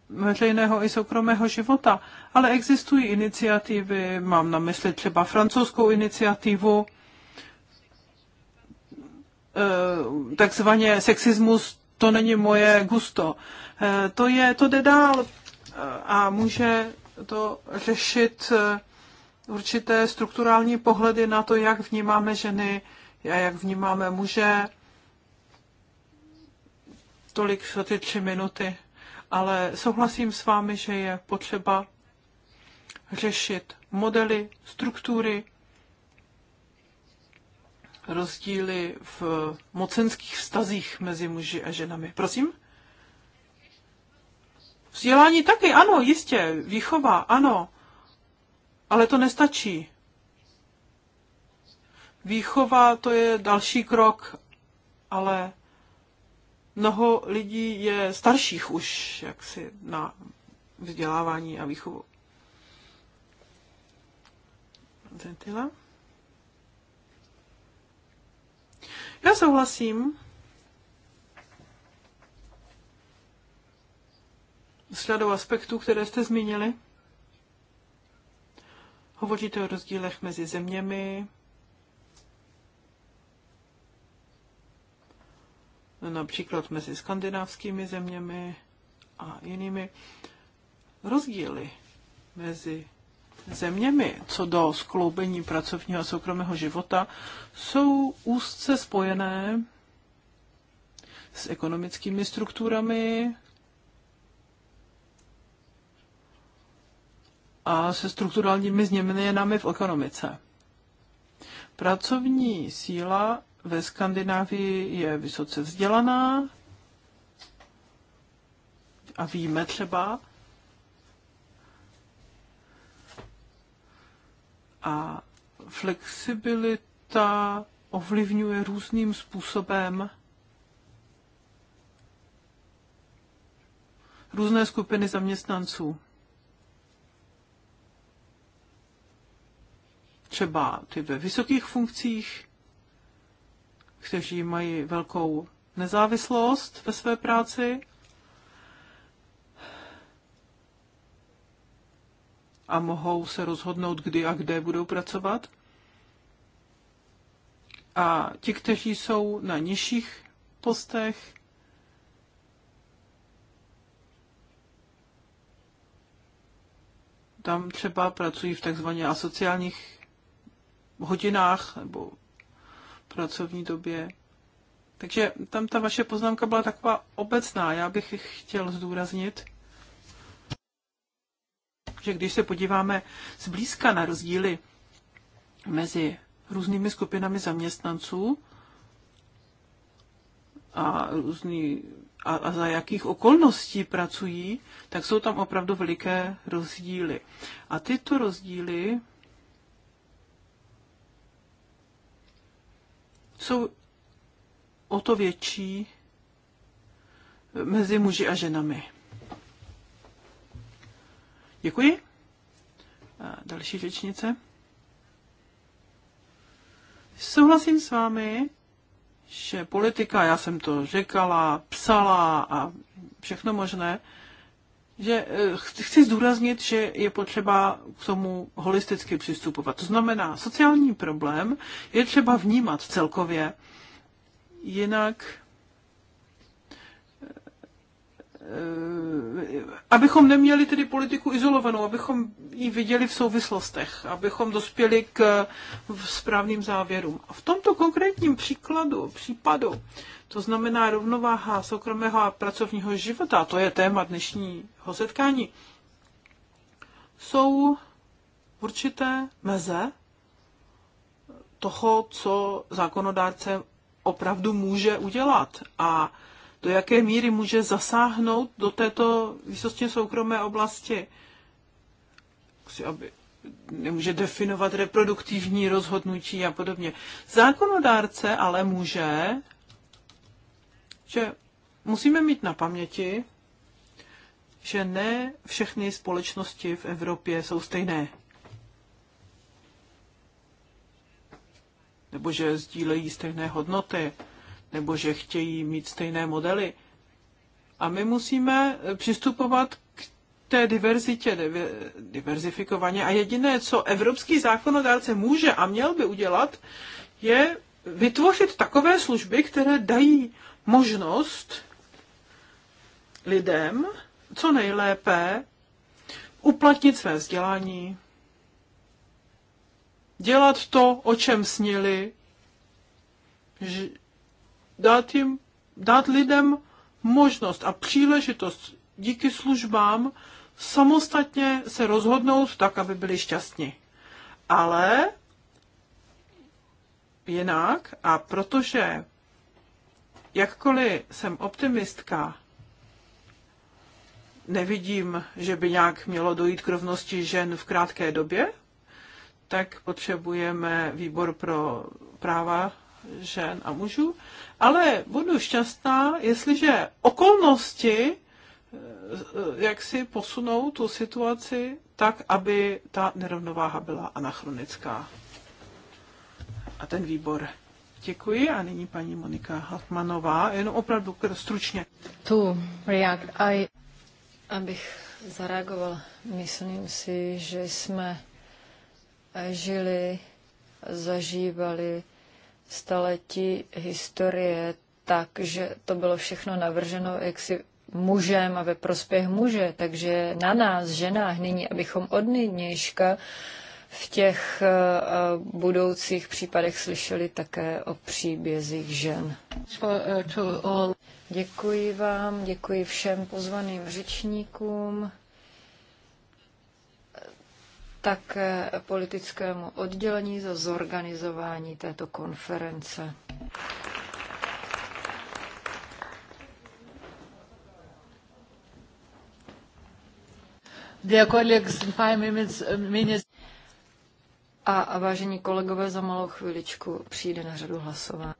[SPEAKER 1] veřejného i soukromého života. Ale existují iniciativy, mám na mysli třeba francouzskou iniciativu, eh, takzvaně sexismus, to není moje gusto. Eh, to, je, to jde dál eh, a může to řešit určité strukturální pohledy na to, jak vnímáme ženy a jak vnímáme muže. Tolik za ty tři minuty ale souhlasím s vámi, že je potřeba řešit modely, struktury, rozdíly v mocenských vztazích mezi muži a ženami. Prosím? Vzdělání taky, ano, jistě, výchova, ano, ale to nestačí. Výchova to je další krok, ale mnoho lidí je starších už jaksi na vzdělávání a výchovu. Zentila. Já souhlasím. S řadou aspektů, které jste zmínili. Hovoříte o rozdílech mezi zeměmi, například mezi skandinávskými zeměmi a jinými. Rozdíly mezi zeměmi co do skloubení pracovního a soukromého života jsou úzce spojené s ekonomickými strukturami a se strukturálními změnami v ekonomice. Pracovní síla ve Skandinávii je vysoce vzdělaná a víme třeba, a flexibilita ovlivňuje různým způsobem různé skupiny zaměstnanců. Třeba ty ve vysokých funkcích kteří mají velkou nezávislost ve své práci a mohou se rozhodnout, kdy a kde budou pracovat. A ti, kteří jsou na nižších postech, tam třeba pracují v takzvaně asociálních hodinách nebo pracovní době. Takže tam ta vaše poznámka byla taková obecná. Já bych chtěl zdůraznit, že když se podíváme zblízka na rozdíly mezi různými skupinami zaměstnanců a, různý, a, a za jakých okolností pracují, tak jsou tam opravdu veliké rozdíly. A tyto rozdíly jsou o to větší mezi muži a ženami. Děkuji. A další řečnice. Souhlasím s vámi, že politika, já jsem to řekala, psala a všechno možné, že eh, chci zdůraznit, že je potřeba k tomu holisticky přistupovat. To znamená, sociální problém je třeba vnímat celkově, jinak eh, abychom neměli tedy politiku izolovanou, abychom ji viděli v souvislostech, abychom dospěli k správným závěrům. A v tomto konkrétním příkladu, případu, to znamená rovnováha soukromého a pracovního života, to je téma dnešního setkání, jsou určité meze toho, co zákonodárce opravdu může udělat a do jaké míry může zasáhnout do této výsostně soukromé oblasti. Prostě, aby nemůže definovat reproduktivní rozhodnutí a podobně. Zákonodárce ale může že musíme mít na paměti, že ne všechny společnosti v Evropě jsou stejné. Nebo že sdílejí stejné hodnoty, nebo že chtějí mít stejné modely. A my musíme přistupovat k té diverzitě, diverzifikovaně. A jediné, co evropský zákonodárce může a měl by udělat, je vytvořit takové služby, které dají možnost lidem co nejlépe uplatnit své vzdělání, dělat to, o čem snili, dát, jim, dát lidem možnost a příležitost díky službám samostatně se rozhodnout tak, aby byli šťastní. Ale jinak a protože jakkoliv jsem optimistka, nevidím, že by nějak mělo dojít k rovnosti žen v krátké době, tak potřebujeme výbor pro práva žen a mužů, ale budu šťastná, jestliže okolnosti eh, jak si posunou tu situaci tak, aby ta nerovnováha byla anachronická a ten výbor. Děkuji a nyní paní Monika Hafmanová, jenom opravdu stručně. Tu
[SPEAKER 3] react, I, abych zareagoval, myslím si, že jsme eh, žili, zažívali staletí historie tak, že to bylo všechno navrženo jaksi mužem a ve prospěch muže, takže na nás, ženách, nyní, abychom od nynějška uh, v těch eh, eh, budoucích případech slyšeli také o příbězích žen. Eh, děkuji vám, děkuji všem pozvaným řečníkům, také politickému oddělení za zorganizování této konference. Děkuji, colleagues, a, vážení kolegové, za malou chviličku přijde na řadu hlasování.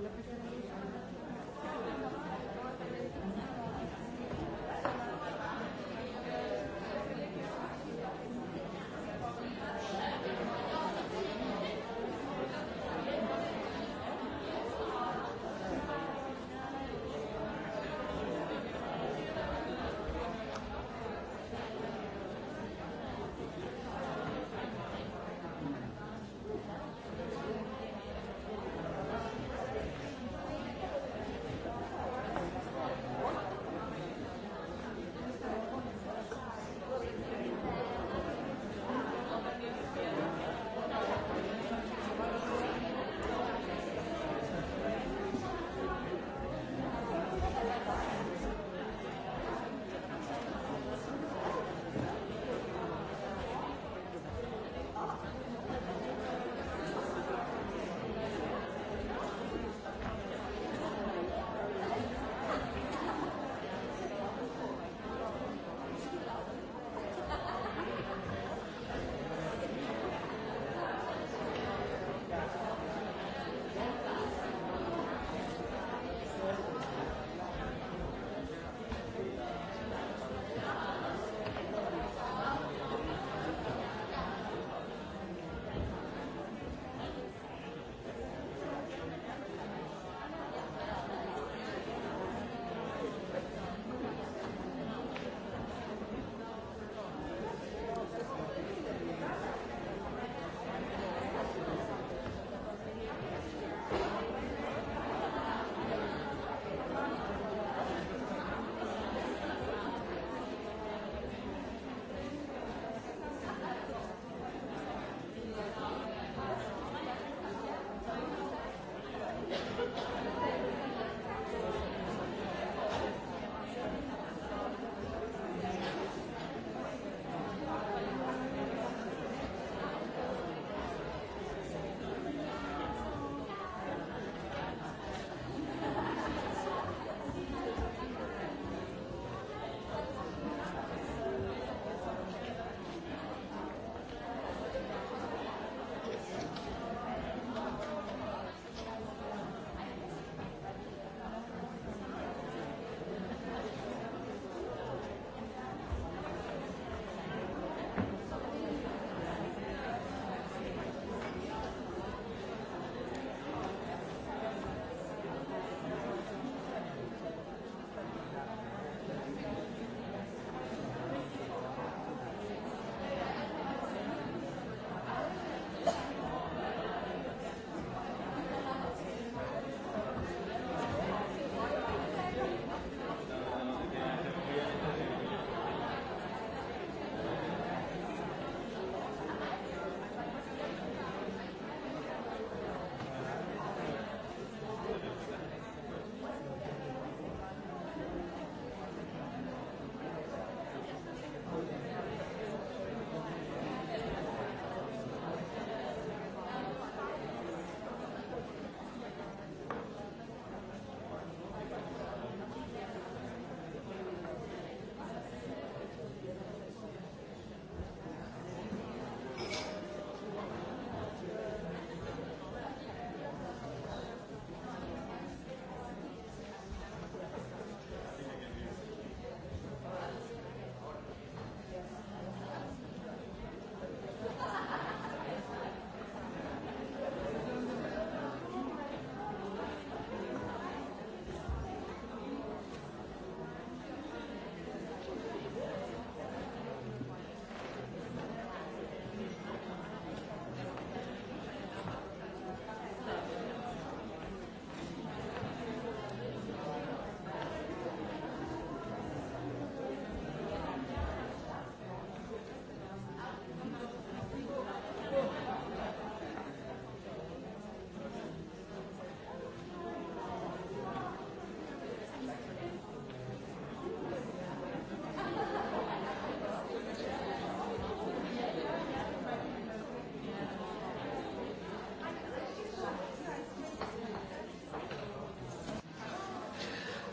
[SPEAKER 3] La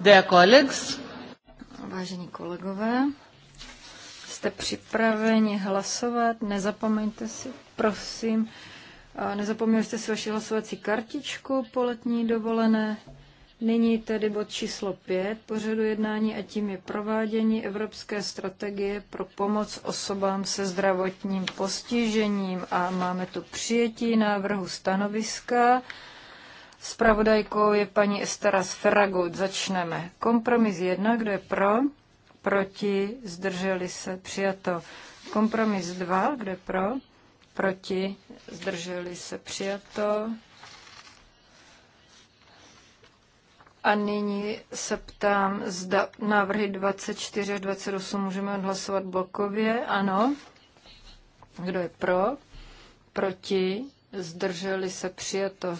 [SPEAKER 3] Dear colleagues. Vážení kolegové, jste připraveni hlasovat? Nezapomeňte si, prosím, nezapomněli jste si vaši hlasovací kartičku po letní dovolené. Nyní tedy bod číslo 5 pořadu jednání a tím je provádění Evropské strategie pro pomoc osobám se zdravotním postižením. A máme tu přijetí návrhu stanoviska. Spravodajkou je paní Estera Sferagut. Začneme. Kompromis jedna, kdo je pro? Proti, zdrželi se, přijato. Kompromis dva, kdo je pro? Proti, zdrželi se, přijato. A nyní se ptám, zda návrhy 24 až 28 můžeme odhlasovat blokově. Ano. Kdo je pro? Proti? Zdrželi se přijato.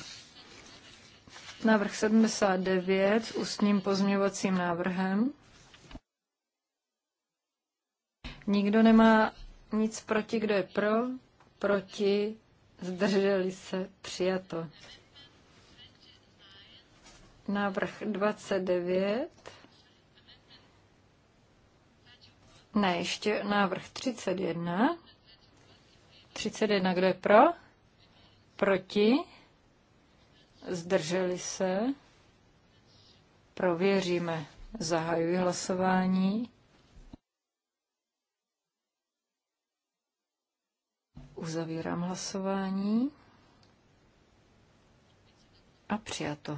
[SPEAKER 3] Návrh 79 s ústním pozměňovacím návrhem. Nikdo nemá nic proti, kdo je pro, proti, zdrželi se, přijato. Návrh 29. Ne, ještě návrh 31. 31, kdo je pro? Proti? zdrželi se, prověříme. Zahajuji hlasování. Uzavírám hlasování. A přijato.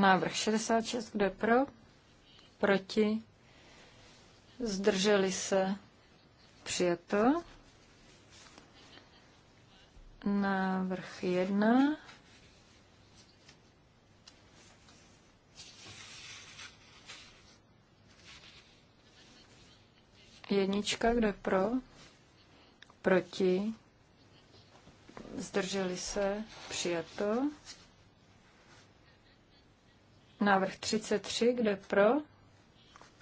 [SPEAKER 3] Návrh 66, kdo je pro? Proti?
[SPEAKER 1] Zdrželi
[SPEAKER 3] se? Přijato. Návrh 1. Jednička, kde pro? Proti? Zdrželi se? Přijato. Návrh 33, kde pro?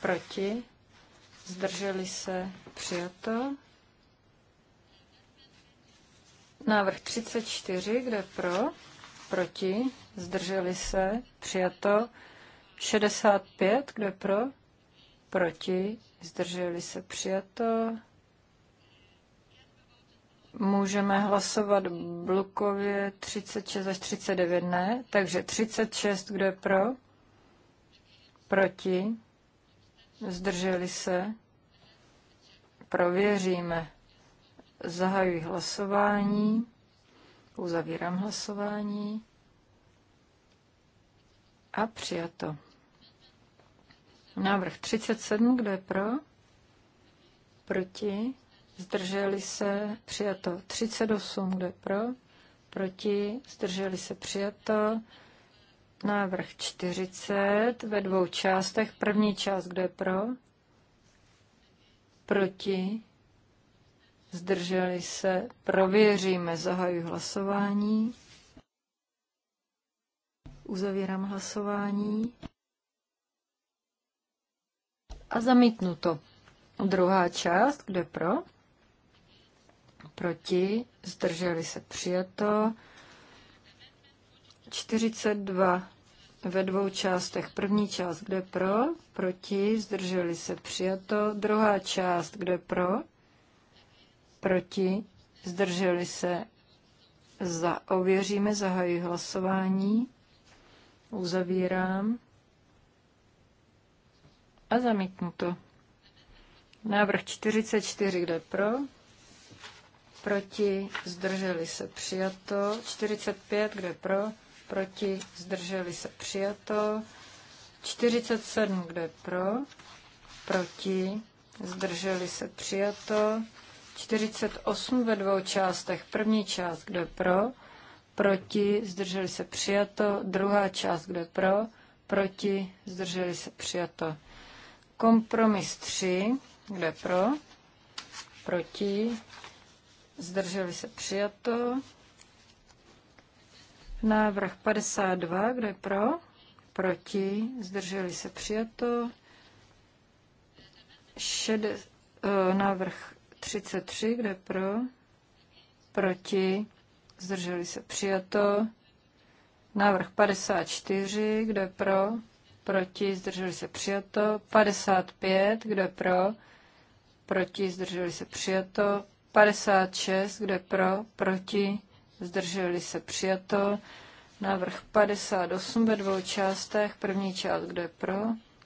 [SPEAKER 3] Proti? zdrželi se, přijato. Návrh 34, kde pro, proti, zdrželi se, přijato. 65, kde pro, proti, zdrželi se, přijato. Můžeme hlasovat blokově 36 až 39 ne, takže 36, kdo je pro, proti, Zdrželi se? Prověříme. Zahajuji hlasování. Uzavírám hlasování. A přijato. Návrh 37, kdo je pro? Proti? Zdrželi se? Přijato. 38, kdo je pro? Proti? Zdrželi se? Přijato. Návrh 40 ve dvou částech. První část, kdo je pro? Proti? Zdrželi se? Prověříme. Zahajuji hlasování. Uzavírám hlasování. A zamítnu to. Druhá část, kde pro? Proti? Zdrželi se? Přijato. 42 ve dvou částech. První část, kde pro, proti, zdrželi se přijato. Druhá část, kde pro, proti, zdrželi se za. Ověříme, zahajuji hlasování, uzavírám a zamítnu to. Návrh 44, kde pro, proti, zdrželi se přijato. 45, kde pro, proti, zdrželi se přijato. 47, kdo je pro, proti, zdrželi se přijato. 48 ve dvou částech. První část, kdo je pro, proti, zdrželi se přijato. Druhá část, kdo je pro, proti, zdrželi se přijato. Kompromis 3, kdo je pro, proti, zdrželi se přijato. Návrh 52, kdo je pro? Proti? Zdrželi se přijato. Šede, eh, návrh 33, kdo je pro? Proti? Zdrželi se přijato. Návrh 54, kdo je pro? Proti? Zdrželi se přijato. 55, kdo je pro? Proti? Zdrželi se přijato. 56, kdo je pro? Proti? zdrželi se přijato. Návrh 58 ve dvou částech. První část, kdo je pro,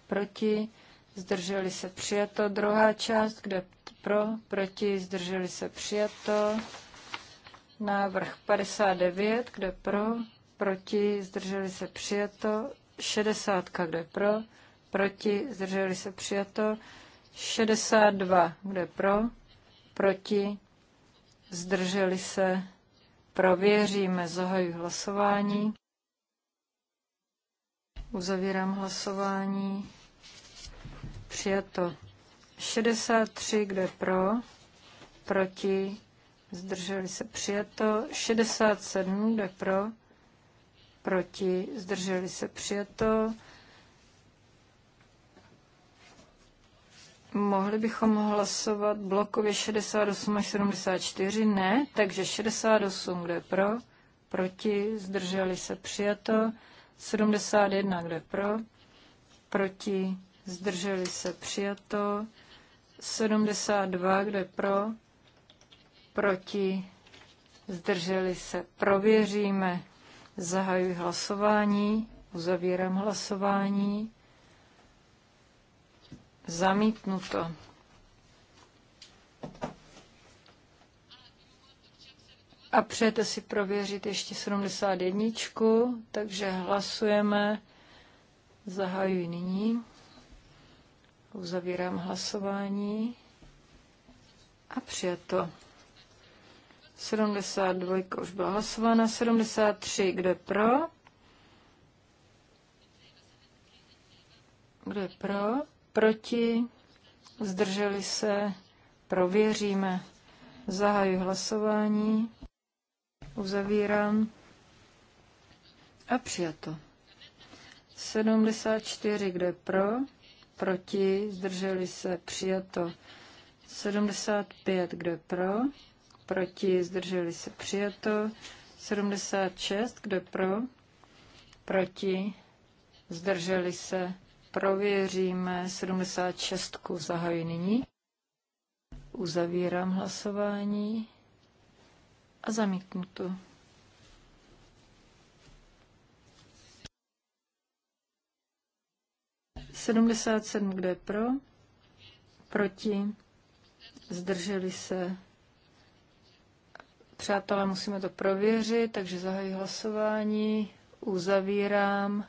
[SPEAKER 3] proti, zdrželi se přijato. Druhá část, kdo je pro, proti, zdrželi se přijato. Návrh 59, kdo je pro, proti, zdrželi se přijato. 60, kdo je pro, proti, zdrželi se přijato. 62, kdo je pro, proti, zdrželi se Prověříme, zahajuji hlasování. Uzavírám hlasování. Přijato 63, je pro, proti, zdrželi se přijato, 67, je pro, proti, zdrželi se přijato, Mohli bychom hlasovat blokově 68 až 74? Ne, takže 68, kdo je pro, proti, zdrželi se přijato, 71, kdo je pro, proti, zdrželi se přijato, 72, kdo je pro, proti, zdrželi se, prověříme, zahajuji hlasování, uzavírám hlasování. Zamítnuto. A přejete si prověřit ještě 71, takže hlasujeme. Zahajuji nyní. Uzavírám hlasování. A přijato. 72 už byla hlasována. 73, kdo je pro? Kdo je pro? proti, zdrželi se, prověříme. Zahajuji hlasování, uzavírám a přijato. 74, kde pro, proti, zdrželi se, přijato. 75, kde pro, proti, zdrželi se, přijato. 76, kde pro, proti, zdrželi se, prověříme 76. Zahajuji nyní. Uzavírám hlasování a to. Sedmdesát sedm, kdo je pro? Proti? Zdrželi se? Přátelé, musíme to prověřit, takže zahajuji hlasování, uzavírám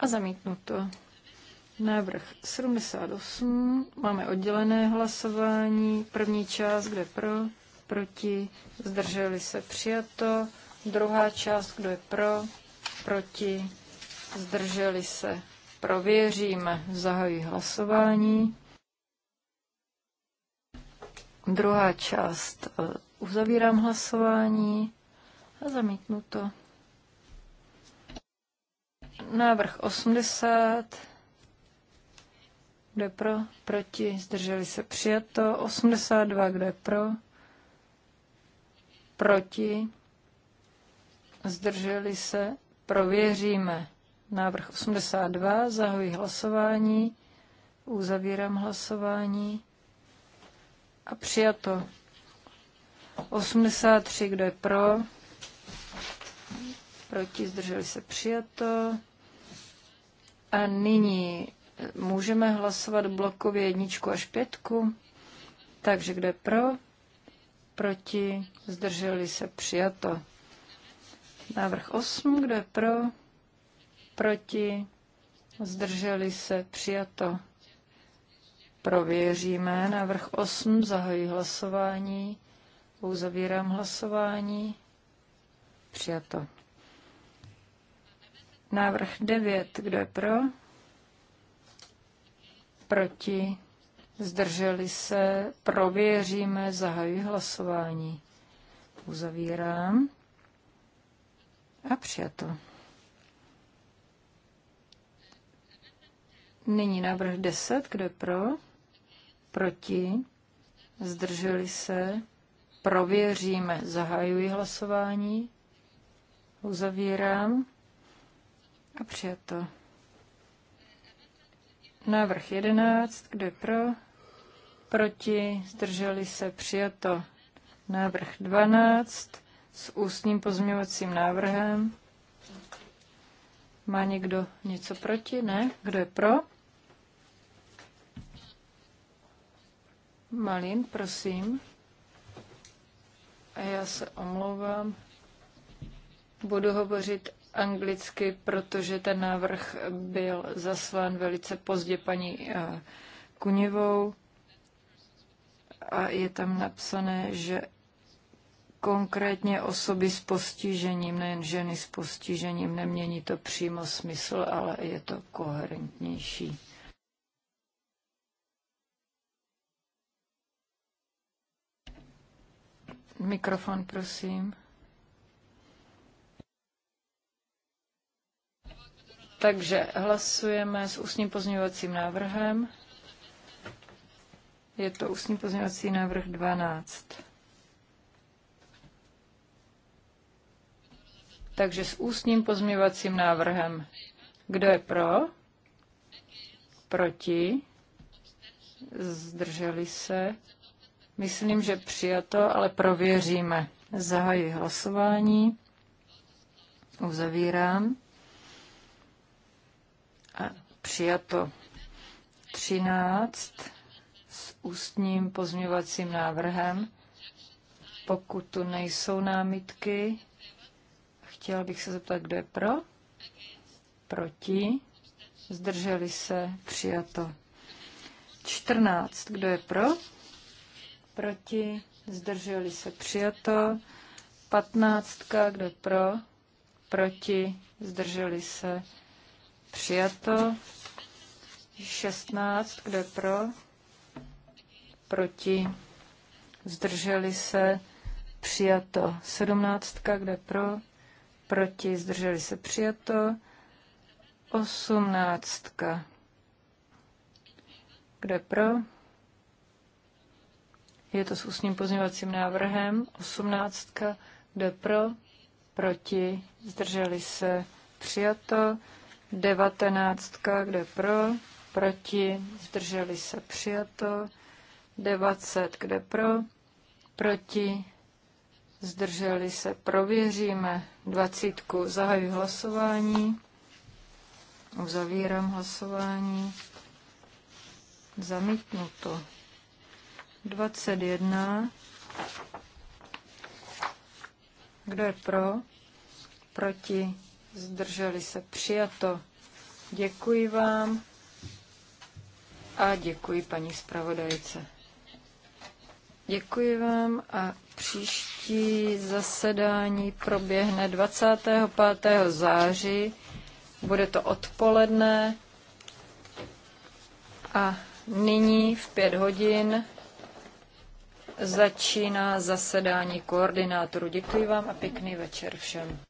[SPEAKER 3] a zamítnuto. Návrh 78, máme oddělené hlasování, první část, kde pro, proti, zdrželi se přijato, druhá část, kdo je pro, proti, zdrželi se, prověříme, zahajuji hlasování. Druhá část, eh, uzavírám hlasování a zamítnu to. Návrh 80. Kdo je pro? Proti? Zdrželi se přijato. 82. Kdo je pro? Proti? Zdrželi se? Prověříme. Návrh 82. Zahoji hlasování. Uzavírám hlasování. A přijato. 83. Kdo je pro? proti, zdrželi se přijato. A nyní eh, můžeme hlasovat blokově jedničku až pětku. Takže kde pro, proti, zdrželi se přijato. Návrh 8, kde pro, proti, zdrželi se přijato. Prověříme návrh 8, zahoji hlasování, uzavírám hlasování, přijato. Návrh 9, kdo je pro? Proti? Zdrželi se? Prověříme, zahajuji hlasování. Uzavírám. A přijato. Nyní návrh 10, kdo je pro? Proti? Zdrželi se? Prověříme. Zahajuji hlasování. Uzavírám. A přijato. Návrh 11. Kdo je pro? Proti? Zdrželi se? Přijato. Návrh 12 s ústním pozměňovacím návrhem. Má někdo něco proti? Ne? Kdo je pro? Malin, prosím. A já se omlouvám. Budu hovořit anglicky, protože ten návrh byl zaslán velice pozdě paní eh, Kunivou a je tam napsané, že konkrétně osoby s postižením, nejen ženy s postižením, nemění to přímo smysl, ale je to koherentnější. Mikrofon, prosím. Takže hlasujeme s ústním pozměňovacím návrhem. Je to ústní pozměňovací návrh 12. Takže s ústním pozměňovacím návrhem. Kdo je pro? Proti? Zdrželi se? Myslím, že přijato, ale prověříme. Zahajuji hlasování. Uzavírám. Přijato 13 s ústním pozměvacím návrhem. Pokud tu nejsou námitky, chtěl bych se zeptat, kdo je pro? Proti? Zdrželi se? Přijato. 14. Kdo je pro? Proti? Zdrželi se? Přijato. 15. Kdo je pro? Proti? Zdrželi se? Přijato. 16, kdo je pro? Proti. Zdrželi se. Přijato. 17, kde je pro? Proti. Zdrželi se. Přijato. 18. Kde pro? Je to s ústním pozměňovacím návrhem. 18. Kde pro? Proti. Zdrželi se. Přijato. Devatenáctka, kde pro, proti, zdrželi se přijato. Dvacet, kde pro, proti, zdrželi se, prověříme. Dvacítku, zahajuji hlasování. Uzavírám hlasování. Zamítnuto. 21. Kdo je pro? Proti? zdrželi se, přijato. Děkuji vám a děkuji paní zpravodajce. Děkuji vám a příští zasedání proběhne 25. září. Bude to odpoledne a nyní v pět hodin začíná zasedání koordinátoru. Děkuji vám a pěkný večer všem.